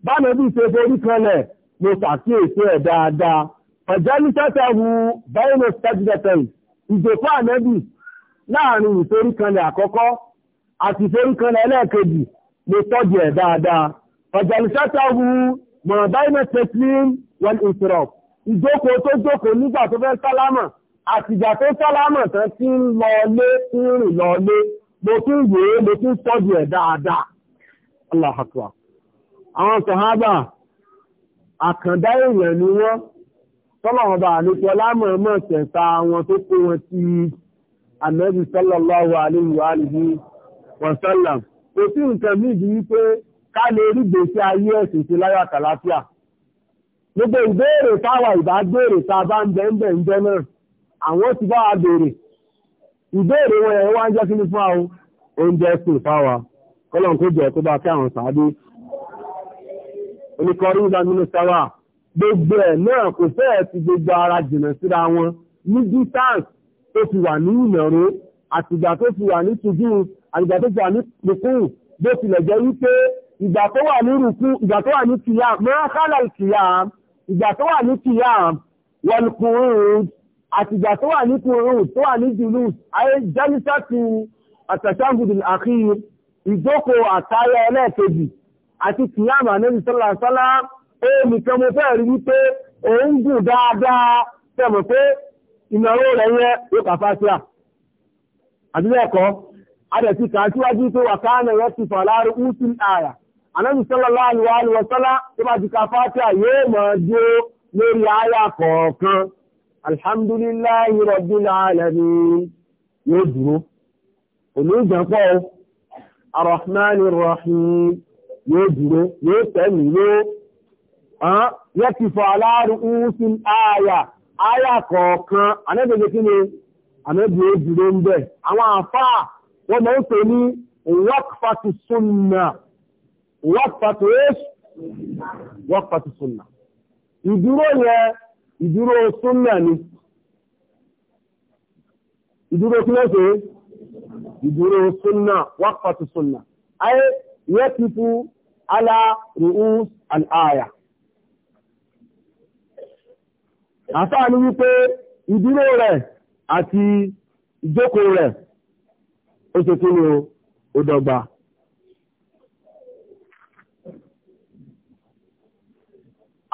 bánábì ṣe forí kanlẹ̀ mo ṣàkíyèsí ẹ̀ dáadáa ọ̀jẹ́ ní tẹ́tẹ́ hù bẹ́yìn mo tọ́jú dẹ́ta hù ìjòkó ànábì láàrin ìforí kanlẹ̀ àkọ́kọ́ àti ìforí kanlẹ̀ ẹlẹ́ẹ̀kejì mo tọ́jú ẹ̀ dáadáa ọ̀jẹ́ ní tẹ́tẹ́ hù mọ̀ bẹ́yìn mo tẹ́tẹ́ wọ́n ìṣòro ìjókòó tó jókòó nígbà tó fẹ́ sálámà àtìgbà tó sálámà tán ti ń lọ lé ń rìn lọ lé mo ti ń yèé mo ti ń tọ́jú ẹ̀ dáadáa Allahu Akbar àwọn sàhábà àkàndá èèyàn ni wọ́n tọ́lọ̀wọ́n bá àlejò lámọ̀ mọ̀ wọn tó kó wọn ti ànábì sallallahu alaihi wa alihi wa kò sí nǹkan míì ju wípé ká lè rí gbèsè ayé ẹ̀sìn sí láyọ̀ àtàlàfíà gbogbo ìbéèrè táwa ìbá béèrè tá a bá ń bẹ̀ǹbẹ̀ ń jẹ́ náà àwọn ti bá wa béèrè ìbéèrè wọn ẹ̀ wá ń jẹ́ kíní fún àwọn oúnjẹ sùn fáwa kọ́lọ̀ kó jẹ́ tó bá kí àwọn sàádé oníkọrí ìgbà mínísítàwà gbogbo ẹ̀ náà kò fẹ́ẹ̀ ti gbogbo ara jìnà síra wọn ní distance tó ti wà ní ìnàró àtìgbà tó ti wà ní tujú àtìgbà tó ti wà ní pínpín bó tilẹ̀ jẹ́ wípé ìgbà tó wà ní rùkú ìgbà tó wà ní kìyà mọ́rákálà kìyà ìgbà tó wà ní kiyam wọlùkùnrin àtìgbà tó wà ní kùnrin tó wà ní jùlù ayé jẹ́lísà ti àtàṣàgùdù àkíyí ìjókò àtayọ ẹlẹ́ẹ̀kejì àti kiyam ànẹ́bí sọ́lá sọ́lá ó nìkan mo fẹ́ rí wípé òun gùn dáadáa tẹ̀mọ̀ pé ìnáwó rẹ̀ yẹ yóò kàfà sí à Ànábì sallallahu alaihi wa sallam tó bá ti ka Fátíhà yóò máa dúró lórí àyà kọ̀ọ̀kan. Alhamdulillahi rabbil alamin yóò dúró. Òní ìjànpọ̀ Ar-Rahman Ar-Rahim yóò dúró, yóò tẹ̀mí yóò. Yẹ́ ti fọ aláàrú úsìn àyà, àyà kọ̀ọ̀kan, ànábìyẹ kí ni? Ànábì ó dúró ń bẹ̀. Àwọn àfáà wọ́n máa ń pè ní waqfatu sunnah. wọ́pàtò èṣù wọ́pàtò súnà ìdúró yẹ ìdúró súnà ni ìdúró kí lọ́sẹ̀ ìdúró súnà wọ́pàtò súnà ayé yẹ pipu ala ru'us al'aya àfáà wípé ìdúró rẹ̀ àti ìjókòó rẹ̀ ó ṣe kí ni ó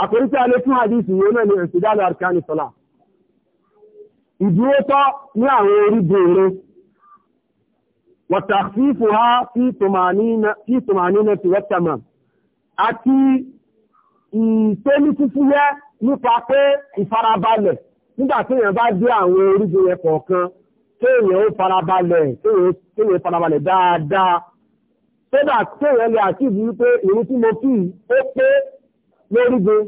àkòrí tí a lè fún àdísì yóò náà ni ìsìdálò arkani sọ́lá ìdúró tọ́ ní àwọn orígun ìrun wọ̀tà fífò ha sí tòmánínà ti wẹ́tàmà àti ìtẹ́lú fúfúyẹ́ nípa pé ìfarabalẹ̀ nígbà tí èèyàn bá dé àwọn orígun yẹn kọ̀ọ̀kan kéèyàn ó farabalẹ̀ kéèyàn farabalẹ̀ dáadáa tó dà kéèyàn lè lórígun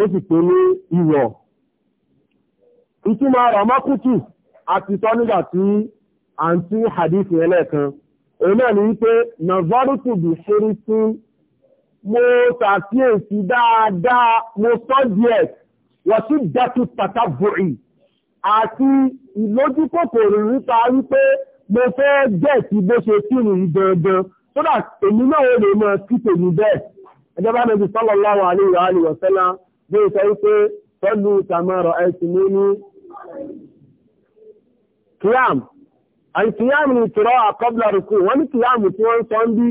ó sì pè ní ìwọ̀ ìtumọ̀ ramakutu àti sọ nígbà tí à ń tú hadith yẹn lẹ́ẹ̀kan òun náà ni wípé nàvárùtù bí ṣeré sí mo ṣàkíyèsí dáadáa mo sọ díẹ̀ wọ́n sì dẹ́kun pàtàkì àti ìlójúkòkòrò nípa wípé mo fẹ́ jẹ́ ti bó ṣe kírun dandan so that èmi náà ó lè mọ kí tèmi bẹ́ẹ̀ ẹjọba nàbí sallallahu alaihi wa sallam bí ó sọ wípé tọ́lù tàmọ́rọ̀ ẹ̀sìnmú ní kíyàm àti kíyàm ní kìrọ́ qabla rùkú wọ́n ní kíyàm tí wọ́n sọ ń bí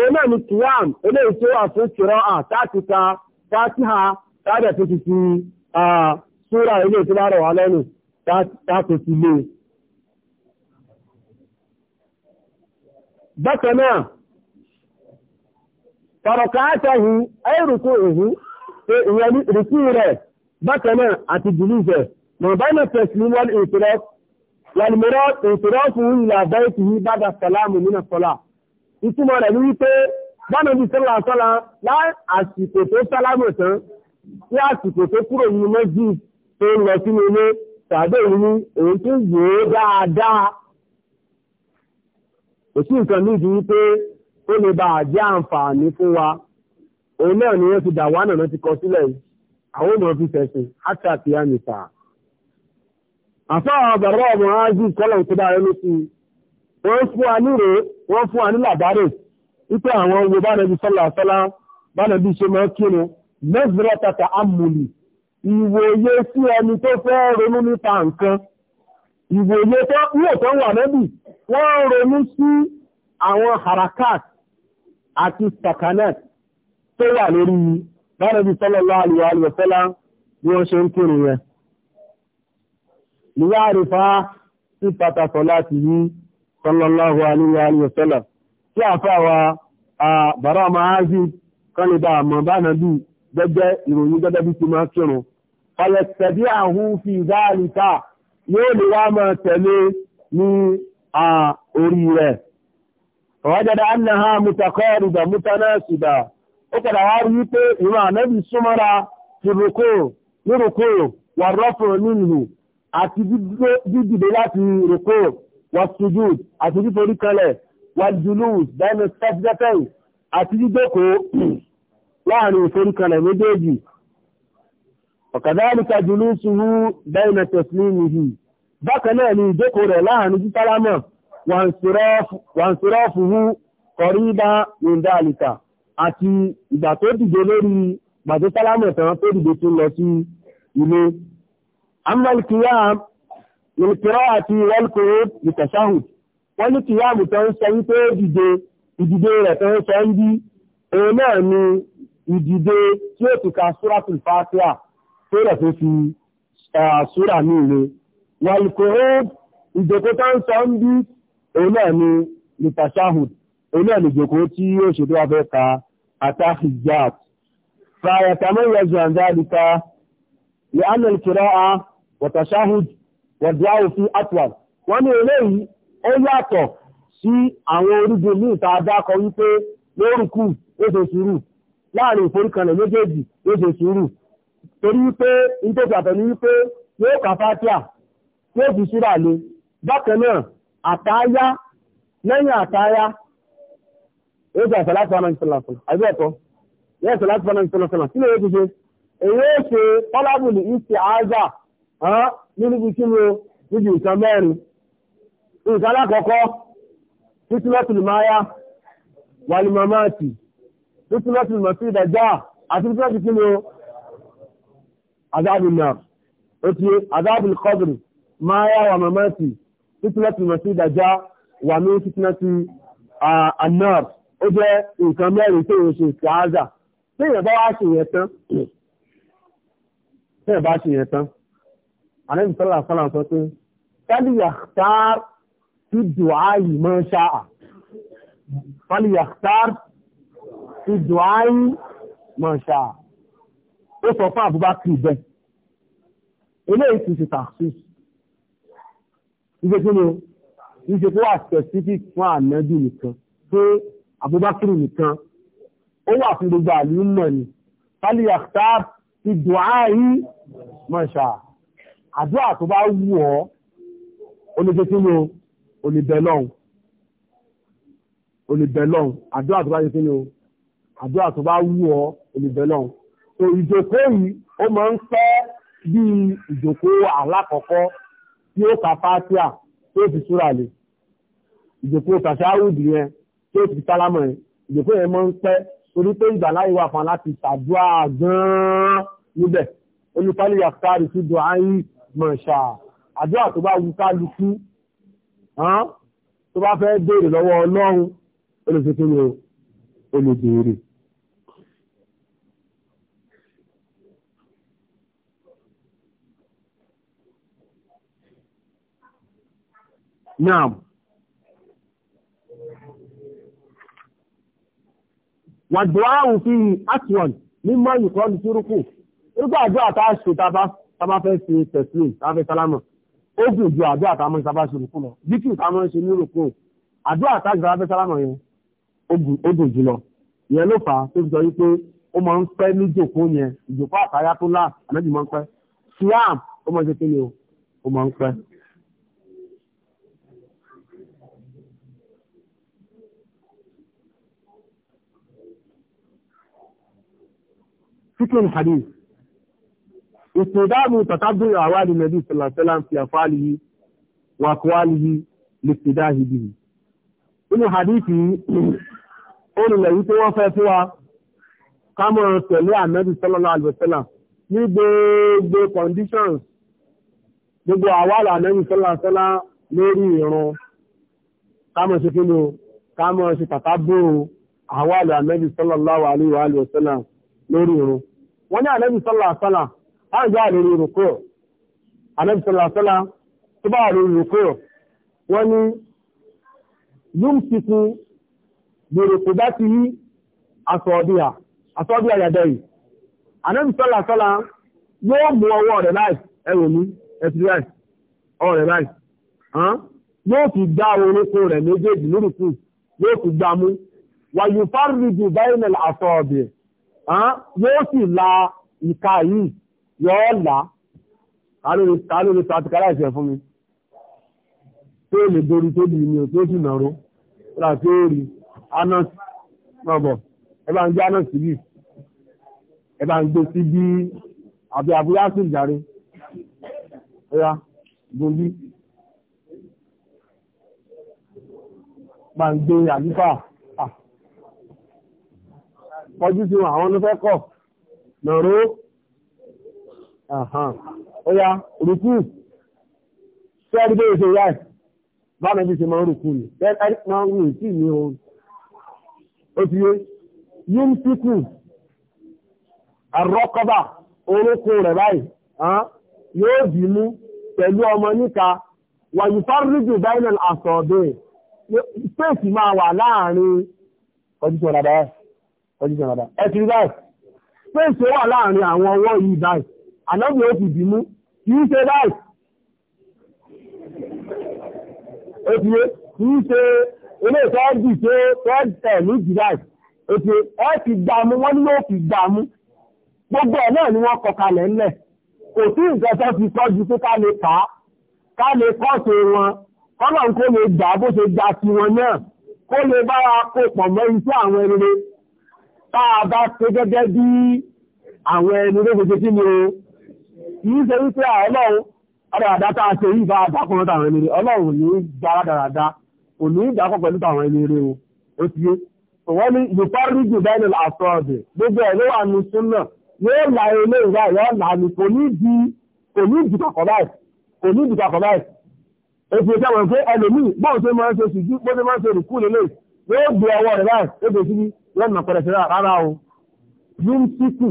ó náà ní kíyàm eléyìí tí ó wà fún kìrọ́ tọ̀rọ̀kátàhì ẹ̀rùkú ìhú ìyẹn rìkú rẹ̀ bákanáà àti jùlúfẹ̀ mọ̀bánà tẹ̀sílíwọ́n ìtìrọ́ lọ́lùmọ́rọ́ ìtìrọ́ fún ìlà bẹ́ẹ̀tì yìí bá dàsàlámù nínú sọ́lá ìtumọ̀ rẹ̀ ní wípé bọ́nà bí sọ́lá sọ́lá láàsìkò tó sálámù tán ní àsìkò tó kúrò nínú méjì tó ń lọ sínú ilé tàbí èyí ni èyí tó yòó dáadáa kò sí nǹkan nídìí wípé ó lè bá àjẹ́ àǹfààní fún wa òun náà ni wọ́n ti dà wánà náà ti kọ sílẹ̀ àwọn ọmọ fi fẹ̀sìn àti àkíyàmì sà. àfáà bàbá ọmọ ájú kọ́lọ̀ tó dára ló sí wọ́n fún wa nírò wọ́n fún wa ní làbárè wípé àwọn owó bánàbí sọ́là sọ́lá bánàbí ṣe máa kírun mẹ́sìlẹ̀ tata amúlì ìwòye sí ẹni tó fẹ́ ronú nípa nǹkan ìwòye tó wà nẹ́bì wọ́n ronú sí àwọn harakat àti sakanat tó wà lórí bárẹ̀bí sallallahu alaihi wa sallam bí wọ́n ṣe ń kírun yẹn ìwá àrífà sí pàtàkọ̀ láti yí sallallahu alaihi wa sallam tí àfáwà àbárá máa ází kan lè bá àmọ́ orí rẹ̀ فوجد أنها متقاربة متناسبة أكد عاريته إمع نبي سمرة في الركوع لركوع والرفع منه àti dídìde láti rùkú wàsùjúd àti fíforí kalẹ̀ wàjúlùs bẹ́ẹ̀ni sẹ́fẹ́fẹ́ì àti dídókò láàrin ìforí kalẹ̀ méjèèjì ọ̀kàdáríkà jùlùsùn bẹ́ẹ̀ni tẹ̀sílì yìí bákan náà ni ìdókò rẹ̀ láàrin jítálámọ̀ wàǹsírọ́fùhù kọ̀rídà ìndàlìkà àti ìgbà tó dìde lórí gbàdé sálámù ẹ̀tàn tó dìde tó lọ sí ilé. amalkiya ìlkìrọ́ àti wọ́lkòrò ìtẹ̀sáhùd wọ́n ní kìyàmù tó ń sọ wípé dìde ìdìde rẹ̀ tó ń sọ ń ni ìdìde tí ó ń sọ ń bí onu ni litashahud onu ni jòkó tí yóò ṣe tó wá fẹ́ ka atahijat wọ́n si sí àwọn orígun ní ìta adákọ̀ wípé lórúkú ó ṣe sùúrù láàrin ìforíkanlẹ̀ méjèèjì ó ṣe sùúrù torí wípé nítòsí àtọ̀ ní wípé yóò yóò àtáyá lẹ́yìn àtáyá yóò ṣe àṣàlátù àná ìṣẹ̀lẹ̀ṣẹ̀lẹ̀ àbí ẹ̀kọ́ yóò ṣe láti fọ́nà ìṣẹ̀lẹ̀ṣẹ̀lẹ̀ kí ló yẹ kí ṣe èyí ó ṣe tọ́lábùlì ìṣe àáza nínú ibi kí ni o níbi nǹkan mẹ́rin nǹkan alákọ̀ọ́kọ́ títúlọ́tìlì máyá wàlìmọ̀máàtì títúlọ́tìlì mọ̀sí ìdájá àti títúlọ́tì kí ni o azábìnà ó ti azábìnà kọ́bìrì máyá wàmọ̀máàtì fitinati mọ̀ sí ìdájá wà ní fitinati anar ó jẹ́ nǹkan mẹ́rin tó ń ṣe ṣááza tí èèyàn bá wá ṣe yẹn tán tí èèyàn bá ṣe yẹn tán àlẹ́bí sọ́là sọ́là sọ pé fálíyà tààr tí dùá yìí mọ́ ṣáà fálíyà tààr tí dùá yìí mọ́ ṣáà ó sọ fún Abubakar bẹ́ẹ̀ eléyìí ti ṣe tàṣíṣì ìṣe kí ni ìṣe kó wà specific fún ànábì nìkan pé Abubakar nìkan ó wà fún gbogbo àlùmọ̀ ni fálí àkútà ti dùn áyí mọ̀ṣà àdúrà tó bá wù ọ́ oníṣe kí ni olùbẹ̀lọ́hùn olùbẹ̀lọ́hùn àdúrà tó ó ń fẹ́ bí ìjòkó alákọ̀ọ́kọ́ tí ó kà fátíà tó fi súra lè ìjókòó tàṣáwùdì yẹn tó fi sálámọ̀ yẹn ìjókòó yẹn máa ń pẹ́ torí pé ìgbà láyé wà fún láti ṣàdúrà gan-an níbẹ̀ olùkọ́lé yàtàrí sí dùn áyí mọ̀ṣà àdúrà tó bá wúkálukú tó bá fẹ́ béèrè lọ́wọ́ ọlọ́run olùsèkèrè olùdèrè náà wàdùá òfin àtìwọ̀n mímọ́ ìkọ́ ní túrúkù nígbà àjọ àtà ṣètàbá tábá fẹ́ ṣe tẹ̀sílẹ̀ tábẹ́ sálámà ó gùn ju àjọ àtàmọ́ ìsábà ṣe rùkú lọ bí kí ìtàmọ́ ṣe ní rùkú àjọ àtà ìsábà sálámà yẹn ó gùn jù lọ ìyẹn ló fà á tó fi sọ wípé ó máa ń pẹ́ ní ìjòkó yẹn ìjòkó àtàyà tó láà ànábì máa ń pẹ́ siam ó máa ń ṣe kí ni o ó máa ń pẹ́ فكر الحديث استخدام تتبع أعوال النبي صلى الله عليه وسلم في أفعاله وأقواله لاقتداء به inú hadithi olùlẹ̀ yìí tó wọ́n fẹ́ fún wa kámọ̀ràn pẹ̀lú ànábì sallallahu alaihi ní gbogbo conditions gbogbo àwàlà ànábì sallallahu alaihi wasallam lórí ìrun kámọ̀ ṣe kí ló kámọ̀ ṣe tàtàbò àwàlà ànábì sallallahu alaihi lórí ìrun wọ́n ní ànábì sọ́lá sọ́lá láti bá àlè rúkú ànábì sọ́lá sọ́lá tó bá àlè rúkú wọ́n ní yúmsìkú gbèrèkù bá ti yí asọ́ọ̀díà asọ́ọ̀díà yàdẹ̀ yìí ànábì sọ́lá sọ́lá yóò mú ọwọ́ rẹ̀ láì ẹ̀rọ ní ọwọ́ rẹ̀ láì yóò fi gbá orúnkún rẹ̀ méjèèjì lórúkú yóò fi gbá mú wàyùfárìdì báyìí yóò sì la ìka yìí yóò là kálórí sàtìkárà ìṣẹ̀ fún mi tó lè dorí tó di mi ò sì nàró rà tó rí anas nọ̀bọ̀ ẹbá ń gbé anas síbí ẹbá ń gbé síbí àbí àbúyá sí ìjàre ẹ̀yà kọjú sí wọn àwọn ló fẹ́ kọ̀ nàró ọ̀yà rùkú tí a rí bẹ́ẹ̀ ṣe yá ẹ̀ báwọn ẹbí ṣe máa ń rùkú ni bẹ́ẹ̀ máa ń rùn sí ní ohun ó ti yé yín síkù àrọ́kọ́bà orúkún rẹ̀ báyìí yóò dì mú pẹ̀lú ọmọ níka wàyí fárúdù báyìí náà àsọ̀ọ̀dẹ̀ máa wà láàrin ọdún tó rà ọjíṣẹ́ rádá ẹ̀sì báyìí pèsè wà láàrin àwọn ọwọ́ yìí báyìí ànábì ó fi dìmú kì ṣe báyìí ètùwé kì ṣe ilé ìtọ́jú ṣe tọ́jẹ̀ ní jìláì ètò ẹ ti gbàmú wọ́n ní ó fi gbàmú gbogbo ẹ̀ náà ni wọ́n kọ táa bá pé gẹ́gẹ́ bí àwọn ẹni lóògbé tí ni o yìí ṣe wípé ọlọ́run adáradá táa ṣe yìí bá dákùnrin tàwọn ẹni rẹ̀ ọlọ́run ní dáradáradá kò ní ìdákọ̀ pẹ̀lú tàwọn ẹni rẹ̀ o ó ti yé wọ́n ní yòpárí jù bẹ́ẹ̀ ní àṣọ ọ̀dẹ̀ gbogbo ẹ̀ ló wà ní súnà yóò la ilé ìwà ìyá ọ̀la ni kò ní di kò ní di kàkọ́ báyìí kò ní di kàkọ́ báyìí èsì ìṣẹ́wọ̀n pé ẹlòmíì bóun ṣe máa ń ṣe ṣùgbọ́n bó ṣe máa ń ṣe rìkú lélẹ̀ yóò gbé ọwọ́ rẹ̀ báyìí ó lẹ́nu m rárá o yóò síkù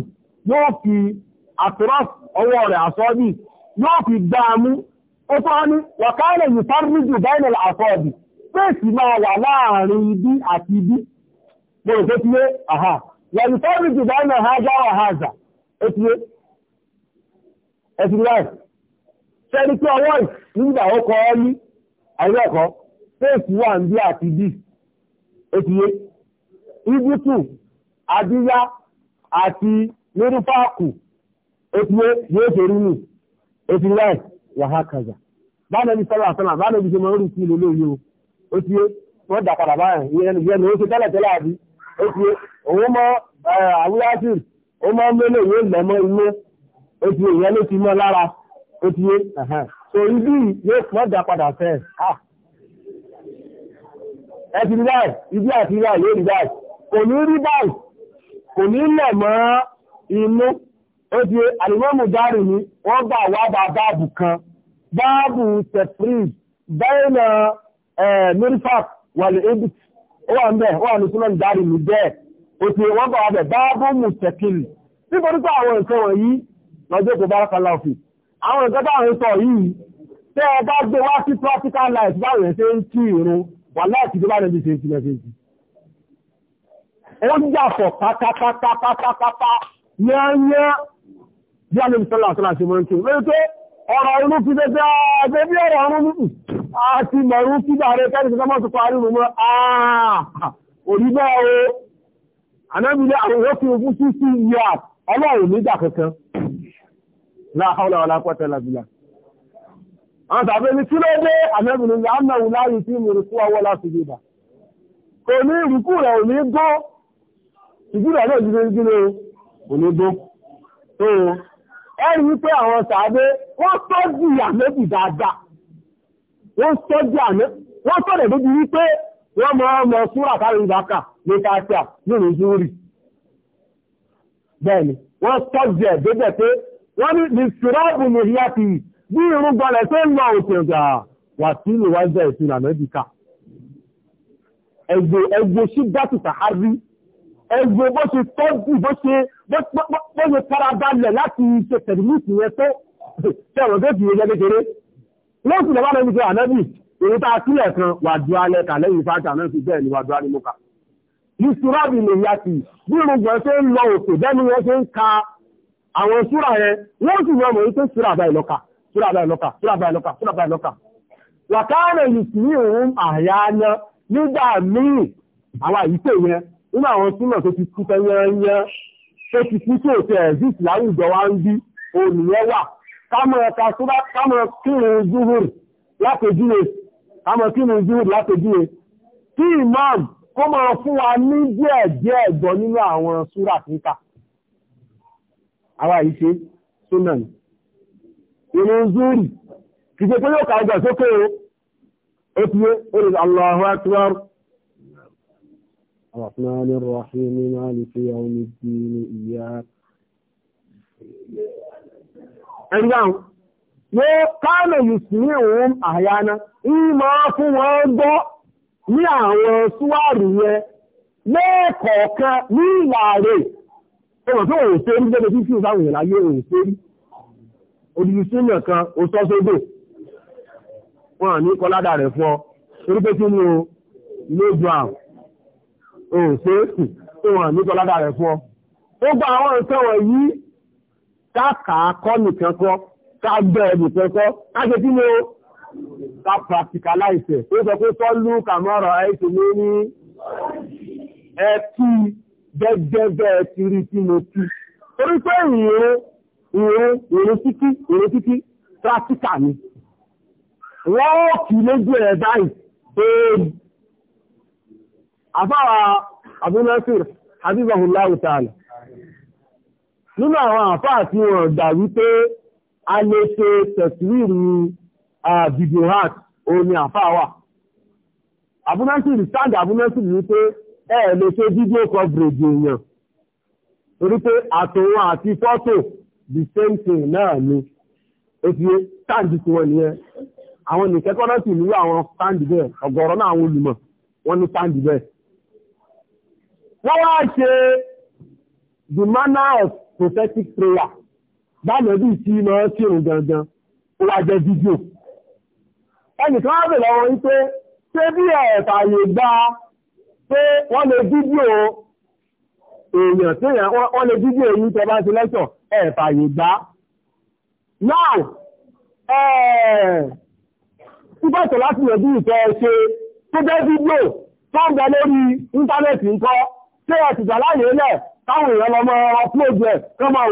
yóò fi àtúrọ́f ọwọ́ rẹ̀ àsọ́bì yóò fi dáamú ó tó wá ní wàkálẹ̀ yìí fárújù àsọ́bì pèsè máa wà láàrin ibi àti ibi mo rò pé àhà yàrá fárújù báyìí àhájá ibùtù adíyá àti lórúfàkù ètùwé yóò ṣe nù ètùwé báyìí ní sọ́lá àtọ́nà báyìí ní ṣe máa ń rí sí ó ti yé wọ́n dà padà báyìí ìyẹn ó ṣe tẹ́lẹ̀ tẹ́lẹ̀ àbí ó ti yé òun ó mélòó inú ó ti yé ìyẹn ló ti mọ́ lára ó ti yé so ibi yóò wọ́n dà padà fẹ́ ah. ibi àti rí báyìí yóò rí kò ní rí báyìí kò ní lẹ̀ mọ́ inú ó ni kan báàbù tẹ̀fríì bẹ́ẹ̀ na mirfak wàlẹ̀ ebit ó wà ń ó wà ní súnmọ́ dárì ni bẹ́ẹ̀ ó ti wọ́n gbà wá bẹ̀ nítorí pé àwọn nǹkan wọ̀nyí lọ́jọ́ kò bára kan láòfin àwọn nǹkan ó ń yàfọ̀ pátápátápátápátá yányá bí a lè fi sọ́lá àtọ́lá ṣe mọ́rin kí lórí pé ọ̀rọ̀ inú fi dẹ́dẹ́ àgbẹ̀ bí ọ̀rọ̀ ọ̀rún nínú àti mọ̀rún kí bá rẹ̀ kẹ́rin sọ́mọ́ tó parí mọ́ o anábìlẹ̀ àwọn òkú fún sísí yíyá ọlọ́run nígbà kankan láhọ́lá ọlápọ̀tẹ́ làbílà àwọn tàbí ní kí ló dé anábìlẹ̀ láàmà wùláyìí tí mo rí fún ọwọ́ láti gbé bà kò ní ìrùkú rẹ̀ ò ní gbọ́n ìjúlẹ̀ náà jílé jílé onígbó tó ẹ̀rí wípé àwọn sàádé wọ́n tọ́jú àmẹ́bù dáadáa wọ́n tọ́jú àmẹ́bù wọ́n tọ́rẹ̀ débi wípé wọ́n mọ́ ọmọ súrà kárí ìdáka ní káàkiri nínú ìjúrì bẹ́ẹ̀ni wọ́n tọ́jú ẹ̀ débẹ̀ pé wọ́n ní ní ṣùrọ́ọ̀bù ní ìyá ti bí irun gbọ́lẹ̀ tó ń lọ òkè ọ̀gá wà sí ìwájú ẹ̀sìn àmẹ́bìkà ẹgbẹ́ ẹgbẹ́ sí dátìtà á rí ẹgbẹ́ bó ṣe tọ́jú bó ṣe bó ṣe farabalẹ̀ láti ṣe tẹ̀lifíṣì yẹn tó tẹ̀wọ̀n tó fi yẹ kékeré lóòtù lọ́wọ́ lẹ́nu ṣe ànábì èyí tá a sílẹ̀ kan wà ju alẹ́ kà lẹ́yìn fáta náà fi bẹ́ẹ̀ ni wà ju alẹ́ mọ́ka yusurabi lè ya sí bí irungbọ̀n ṣe ń lọ òkè bẹ́ẹ̀ni wọ́n ṣe ń ka àwọn súra yẹn wọ́n sì mọ̀ mọ̀ wípé súra bá ìlọ́ka súra bá ìlọ́ka súra bá ìlọ́ka súra bá ìlọ́ka wàkàrẹ̀ yìí sí òun àyà náà nígbà míì àwọn àyíkè yẹn nínú àwọn súnà tó ti kú tẹ́yẹ́yẹ́ tó ti kú tó tẹ ẹ̀zíìt láwùjọ wa ń bí olùyẹ́ wà kámọ̀ ẹ̀ka súnà kámọ̀ kírun zuhur látòjúwe kámọ̀ kírun zuhur látòjúwe kí imam kó máa fún wa ní díẹ̀ díẹ̀ gbọ́ nínú àwọn súrà kíkà àwa yìí ṣe súnà ni ìrun zuhur kìí ṣe pé yóò kà sókè o ó ti yé ó lè Allahu Akbar الرحمن الرحيم مالك يوم الدين إياك ẹ̀yàn yóò káàmù yìí òun àyáná ìmọ̀ fún wọn gbọ́ ní àwọn súwárì yẹn lẹ́ẹ̀kọ̀ọ̀kan ní ìlàrẹ̀ ẹ̀wọ̀n tó òun ṣe rí gẹ́gẹ́ tí kí ìsáwọn ìrìn ayé òun ṣe rí odidi súnmọ̀ kan ó sọ sódò wọn ní kọládà rẹ̀ fún ọ òṣè ìwọ̀n ní tọ́ládà rẹ̀ fún ọ. ó gba àwọn nǹkan wọ̀nyí káàkàá kọ́ nìkan kọ́ ká gbọ́ nìkan kọ́ ká ṣe kí ni o ká practicalize ẹ̀. ó sọ pé sọ́lú kàmọ́rọ̀ àìsè ní ní ẹ tú gẹ́gẹ́ bẹ́ẹ̀ ti rí tí mo tú. torí pé ìrún ìrún ìrún títí ìrún títí practical ni. wọ́n ó kì í lójú ẹ̀ báyìí àfáwà abúnásìr hadizahullahu ta'ala nínú àwọn àfáà tí wọ́n gbà wípé a lè ṣe tẹ̀síwìrì onye afọ awa ni àfáàwà abúnásìr tàbí abúnásìr wípé ẹ lè ṣe video coverage èèyàn torí ati àtòwọn àti fọ́tò the same náà ni ó ti tí wọ́n nìyẹn àwọn nìkẹ́kọ́ nílò àwọn táǹdì bẹ́ẹ̀ ọ̀gọ̀rọ̀ náà olùmọ̀ ní táǹdì bẹ́ẹ̀ wọ́n wá ṣe the manner of prophetic prayer báyọ̀ bí tí lọ sí òun gangan ó wá jẹ́ fídíò ẹnìkan wá bèèrè lọ́wọ́ wípé ṣé bí ẹ̀fààyè gba pé wọ́n lè fídíò èèyàn téèyàn wọ́n lè fídíò èyí tẹ́ bá ti lẹ́sọ̀ ẹ̀fààyè gbá now ẹ̀ẹ́dẹ́gbẹ̀tọ̀ láti yẹ̀ bí ìfẹ́ ṣe tó jẹ́ fídíò tó ń bẹ lórí íńtánẹ́ẹ̀tì ń kọ́ ṣé ẹ ti gbàláyé táwọn èèyàn lọ́mọ ọpọ́lọ́dù ẹ̀ kọ́ wo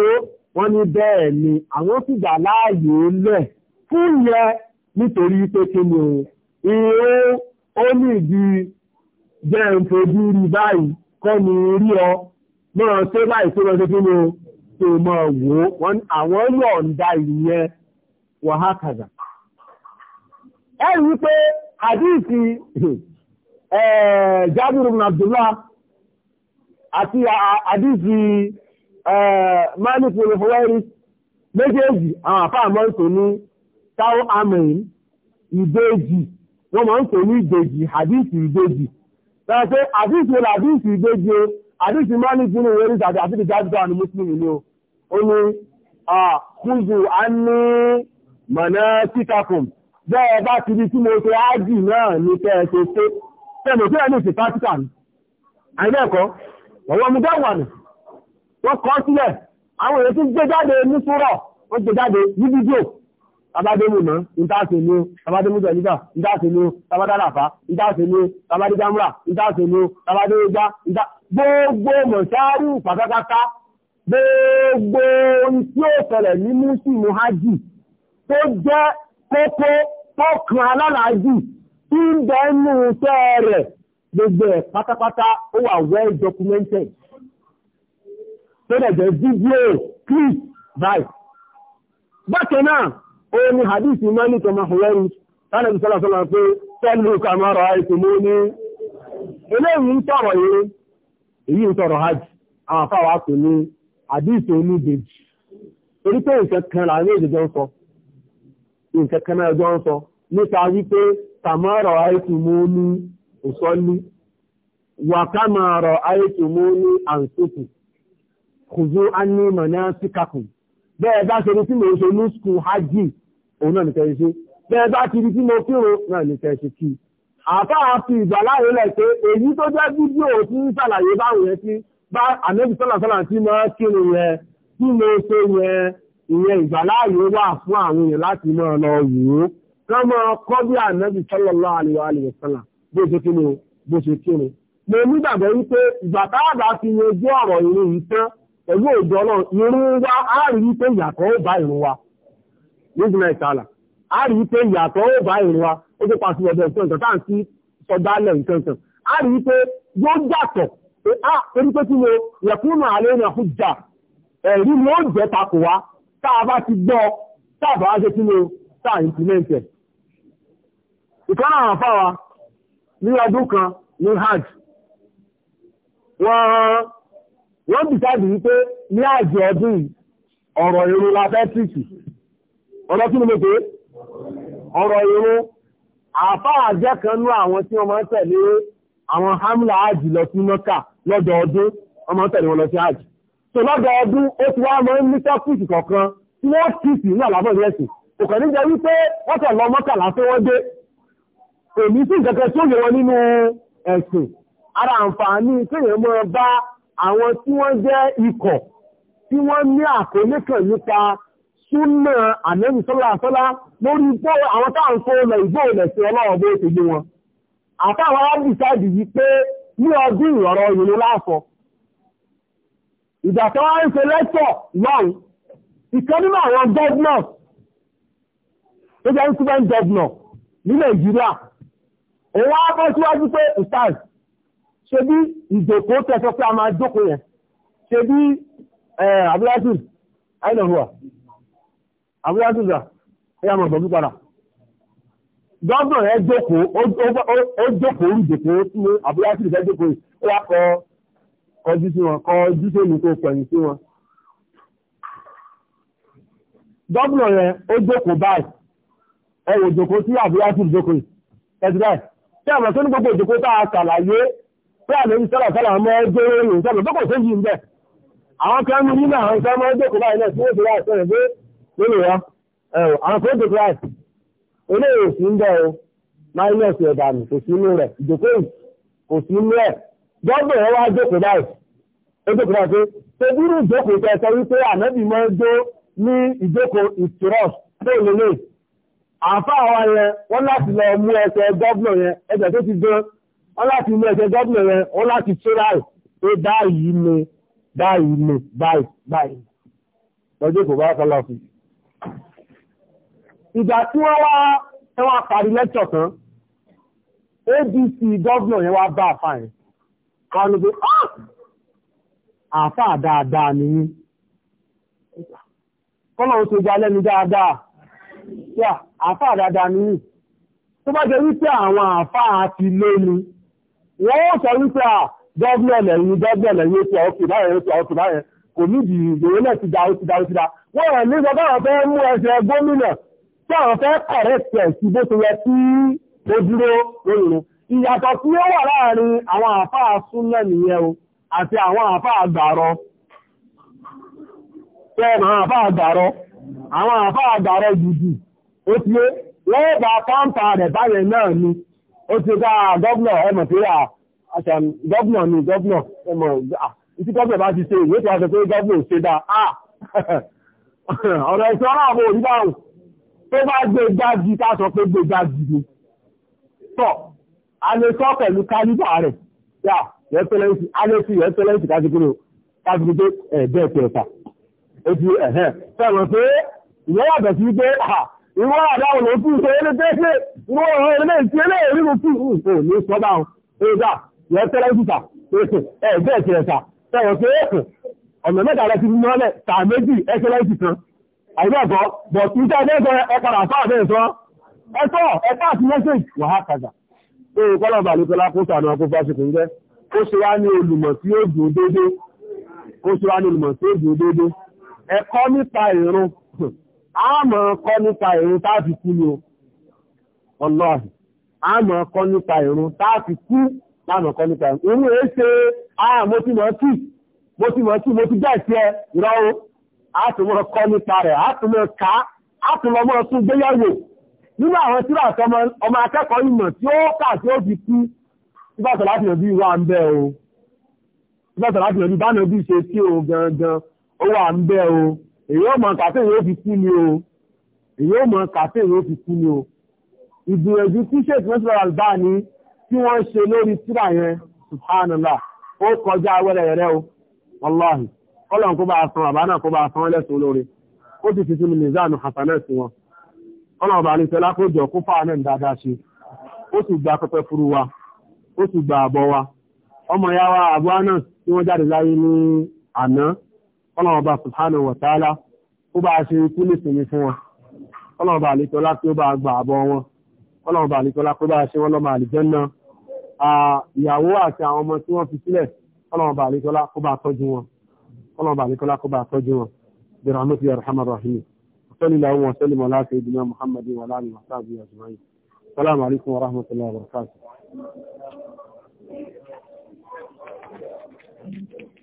wọ́n ní bẹ́ẹ̀ ni àwọn ti fún yẹ nítorí pé kí ni o ó ní báyìí kọ́ ni rí ọ náà ṣé láì tó lọ sí o tó wò ó àwọn yọ̀ǹda ìyẹn wàhákàdà ẹ rí i pé eh, àti àdíjì mánìkù olùfọwẹ́rí méjèèjì àwọn àfáà mọ́ ń tò ní tao amen ìbejì wọ́n mọ́ ń tò ní ìbejì àdíjì ìbejì tẹ́ẹ̀tẹ́ àdíjì olè àdíjì ìbejì àdíjì mánìkù olùfọwẹ́rí àti àdíjì jáde àwọn mùsùlùmí ni ó ní kúzù á ní mọ̀nà títàkùn bẹ́ẹ̀ bá ti di tí mo ṣe ájì náà ní tẹ́ẹ̀ṣe tó tẹ́ẹ̀mọ̀ tí ẹ̀ ní ìṣe pátíkà ní àìlẹ́ẹ̀kọ́ wọ́n mú dáwàánù wọ́n kọ́ sílẹ̀ àwọn èèyàn tó gbé jáde ní súrọ̀ wọ́n gbé jáde ní fídíò tabadémù náà ìtàṣe ní tabadémù jẹ̀lígà ìtàṣe ní tabadálàfà ìtàṣe ní tabadéjámúrà ìtàṣe ní tabadéjá gbogbo mọ̀ṣáárù pàtàkàtà gbogbo tí ó tẹ̀lẹ̀ ní mùsùlùmù hajj tó jẹ́ kókó tó kan alálàájì tí ń bẹ́ẹ̀ nù tẹ́ rẹ̀ gbogbo ẹ̀ pátápátá ó wà well documented tó dẹ̀jẹ̀ fídíò clip by bákan náà ó ní hadith imani tọmọ ọ̀rẹ́rù tánàbí sọ́lọ́sọ́lọ́ pé tẹ́lú kàmọ́rọ̀ àìsàn mú ní eléyìí ń tọrọ yìí èyí ń tọrọ hajj àwọn afáwà kò ní àdíìsì oníbejì torí pé nǹkan kan là ní ìjọjọ ń sọ nǹkan kan náà jọ ń sọ nípa wípé kàmọ́rọ̀ àìsàn mú ní òsọ́lú wàkámàrọ̀ ayétùmú ní àǹsókù kùzú ánímọ̀ náà sí kàkùn bẹ́ẹ̀ bá ṣe rí tí mo ṣe ní skùn hajj òun náà nìkẹ́ ṣe bẹ́ẹ̀ bá ti rí tí mo kírò náà nìkẹ́ ṣe kí àfáà fi ìgbàláyé lẹ̀ pé èyí tó jẹ́ fídíò tí ń ṣàlàyé báwọn yẹn sí bá ànẹ́bí sọ́làsọ́là tí mo kírò yẹn tí mo ṣe yẹn ìyẹn ìgbàláyé wà fún àwọn èèyàn láti máa lọ wò ó kọ́ bí ànẹ́bí sọ́lọ́lá àlè bó ṣe kí ni bó ṣe kí ni. mo nígbàgbọ́ wípé ìgbà táàbà ti yanjú ọ̀rọ̀ ìrun yìí tán pẹ̀lú òjò náà ìrun wa á rí wípé ìyàtọ̀ ó bá ìrun wa nígbìmọ̀ ìtàlà á rí wípé ìyàtọ̀ ó bá ìrun wa ó ti pàṣẹ ọ̀dọ̀ nǹkan nǹkan táà ń sí sọdálẹ̀ nǹkan kan á rí wípé yóò yàtọ̀ pé torí pé kí ni yẹ̀kúnnà àlẹ́ ìrìn àfújà ẹ̀rí ni ó jẹ́ takò wa tá a bá ti gbọ́ tá a bá wá ṣe kí ni tá a implement ẹ̀. ìkọ́nà àwọn afáwa ní ọdún kan ní hajj wọ́n wọ́n bìtàdì wípé ní hajj ọdún ọ̀rọ̀ èrò la fẹ́ tìtì ọ̀rọ̀ kí ni mo pé ọ̀rọ̀ èrò àfáà jẹ́ kan nú àwọn tí wọ́n máa ń tẹ̀lé àwọn hamla hajj lọ sí mọ́kà lọ́dọọdún wọ́n máa ń tẹ̀lé wọn lọ sí hajj tó lọ́dọọdún ó ti kò ní sí nǹkan tó yẹ wọn nínú ẹ̀sìn ara àǹfààní kéèyàn mọ́ bá àwọn tí wọ́n jẹ́ ikọ̀ tí wọ́n ní àkọlé kan nípa súnà ànẹ́bí sọ́lá lórí pé àwọn táà ń kó lọ ìgbó ilẹ̀ sí ọlọ́run bó ti gbé wọn àtàwọn arábìsáàdì yìí pé ní ọdún ìrọ̀rọ̀ ìlú láàfọ ìgbà tó wá ń ṣe lẹ́tọ̀ lọ́run ìkan nínú àwọn gọ́ọ̀nà tó jẹ́ ń súnmọ́ gọ́ọ̀nà ní Nàìjíríà òun á bọ́ síwájú pé ustaz ṣe bí ìjòkó tẹ́sọ pé a máa jókòó yẹn ṣe bí abúlásù àìlọ́hùwà abúlásù rà ẹ̀yà mọ̀ bọ̀bí padà gọ́ọ̀nà ẹ̀ jókòó ó jókòó ń jòkó tí abúlásù rẹ̀ jókòó ó wá kọ ọjú sí wọn kọ ojú sí èmi tó pẹ̀yìn sí wọn gọ́ọ̀nà rẹ̀ ó jókòó báyìí ẹ wò jókòó tí abúlásù jókòó yìí tí àwọn tó ní gbogbo a ṣàlàyé tí àmì ń sọ́rọ̀ sọ́rọ̀ ọmọ tó kò sí yìí ń bẹ̀. àwọn kan ní nínú àwọn sọ́mọ ẹgbẹ́ kò báyìí náà tí wọ́n ti wá ìṣẹ̀lẹ̀ pé nínú sí ń bẹ̀ o minus ẹ̀dà mi kò sí inú rẹ̀ ìdìkó kò sí inú ẹ̀ gbọ́dọ̀ àfáà wa yẹn wọ́n láti lọ mú ẹsẹ̀ gọ́vnọ̀ yẹn ẹsẹ̀ tó ti dán wọ́n láti mú ẹsẹ̀ gọ́vnọ̀ yẹn wọ́n láti tóra ẹ̀ pé báyìí ni báyìí ni báyìí báyìí lọ́jọ́ kò bá kọ́lá fi. ìgbà tí wọ́n wá ẹ wá parí lẹ́tọ̀ kan adc gọ́vnọ̀ yẹn wá bá àfáà yẹn kan ló pé ah! àfáà dáadáa nìyí kọ́lọ́ ń ṣe jalẹ́nu dáadáa. wà àfà àdáadáa nínú tó bá jẹ́ wípé àwọn àfà àti lónìí wọ́n ó sọ wípé à gọ́ọ̀nà lẹ́yìn gọ́ọ̀nà lẹ́yìn ètò ọkù báyẹn ètò ọkù báyẹn kò ní sọ gómìnà tí fẹ́ correct ìyàtọ̀ tí ó wà láàrin àwọn àfà nìyẹn o àti àwọn àfà àgbàrọ̀ àwọn àfá àgbàrẹ gidi ó ti lé wọ́n bá kọ́ǹtà rẹ̀ báyẹ̀ náà ni ó ti dá gọ́ọ̀nà ẹmọ̀ pé àṣàn gọ́ọ̀nà ni gọ́ọ̀nà ẹmọ̀ ìtí gọ́ọ̀nà bá ti ṣe ìwé tó aṣọ pé gọ́ọ̀nà ṣe dá ọ̀rọ̀ ìṣọ́rọ̀ àwọn òdíbàrùn tó bá gbé gbági ká sọ pé gbé gbági ni tọ́ a lè sọ pẹ̀lú kálíbà rẹ̀ yà yẹ́sẹ̀lẹ́sì a lè fi yẹ́sẹ̀lẹ́sì kájíkúrò kájíkúrò ẹ̀ẹ́dẹ́ẹ̀kẹta ojú ẹ̀hẹ́ sọ̀rọ̀ pé ìyẹn yàtọ̀ sí pé ìwọ àdáwọn ló fún ìṣe eré tẹ́sẹ̀ ìwọ ọ̀rọ̀ ilé ìṣe eré ìrírun fún ìṣe ní sọ́dá ẹ̀dá yẹn tẹ́lẹ̀ síta ẹ̀ bẹ́ẹ̀ tẹ̀lẹ̀ ta sọ̀rọ̀ pé ọ̀nà mẹ́ta rẹ̀ ti mú mọ́lẹ̀ tà méjì ẹ̀ṣẹ́lẹ́sì kan àìbẹ́ẹ̀kọ́ bọ̀ tí ìjọ ẹgbẹ́ ẹ̀kọ́ra fáà bẹ́ẹ̀ sọ ẹ̀tọ́ ẹ̀ká àti mẹ́sẹ̀jì wàhá kàjà ó kọ́lọ̀bà ní pẹ́lá kó sàánà kó bá ṣùkùn jẹ́ ó ṣe wá ní olùmọ̀ tí ó dùn déédé ẹ̀kọ́ nípa ìrun àmọ́ ẹ̀kọ́ nípa ìrun táàfi kú ni o ọlọ́ọ̀hì àmọ́ ẹ̀kọ́ nípa ìrun táàfi kú láàmọ̀ ẹ̀kọ́ nípa ìrun irú èé ṣe àmọ́ tí mo kí mo ti mọ̀ kí mo ti jẹ́ ìṣe ìrọ̀rùn àtúmọ̀ kọ́ nípa rẹ̀ àtúmọ̀ ká àtúmọ̀ mọ́ tún gbéyàwó nínú àwọn tíra àti ọmọ akẹ́kọ̀ọ́ ìmọ̀ tí ó kà tí ó fi kú nígbàtọ̀ láti yànjú ìwà ń bẹ́ o nígbàtọ̀ láti yànjú bá náà bí ṣe sí ó wà ń bẹ́ o èyí ò mọ kàtẹ́ yóò fi kú ni o èyí ò mọ kàtẹ́ yóò fi kú ni o ìgbìyànjú tí sheikh nasir albani tí wọ́n ṣe lórí tírà yẹn subhanallah ó kọjá wẹ́rẹ́ o wallahi kọ́lọ̀n kó bá a san àbá náà kó bá a san olóore ó ti fi sínú nìzánu hasanẹ́sì wọn kọ́lọ̀n ọba àlejò lákòjọ kó fáwọn náà dáadáa gba pẹpẹ furu wa ó sì gba àbọ̀ wa ọmọ tí wọ́n jáde láyé ní àná ọlọ́run ọba subhanahu wa ta'ala ó bá ṣe ikú nìsinmi fún wọn ọlọ́run ọba àlekọ́lá pé ó bá gba àbọ̀ wọn ọlọ́run ọba àlekọ́lá pé ó bá ṣe wọn lọ́mọ àlìjẹ́nà ìyàwó àti àwọn ọmọ tí wọ́n fi sílẹ̀ ọlọ́run ọba àlekọ́lá kó bá tọ́jú wọn ọlọ́run ọba àlekọ́lá kó bá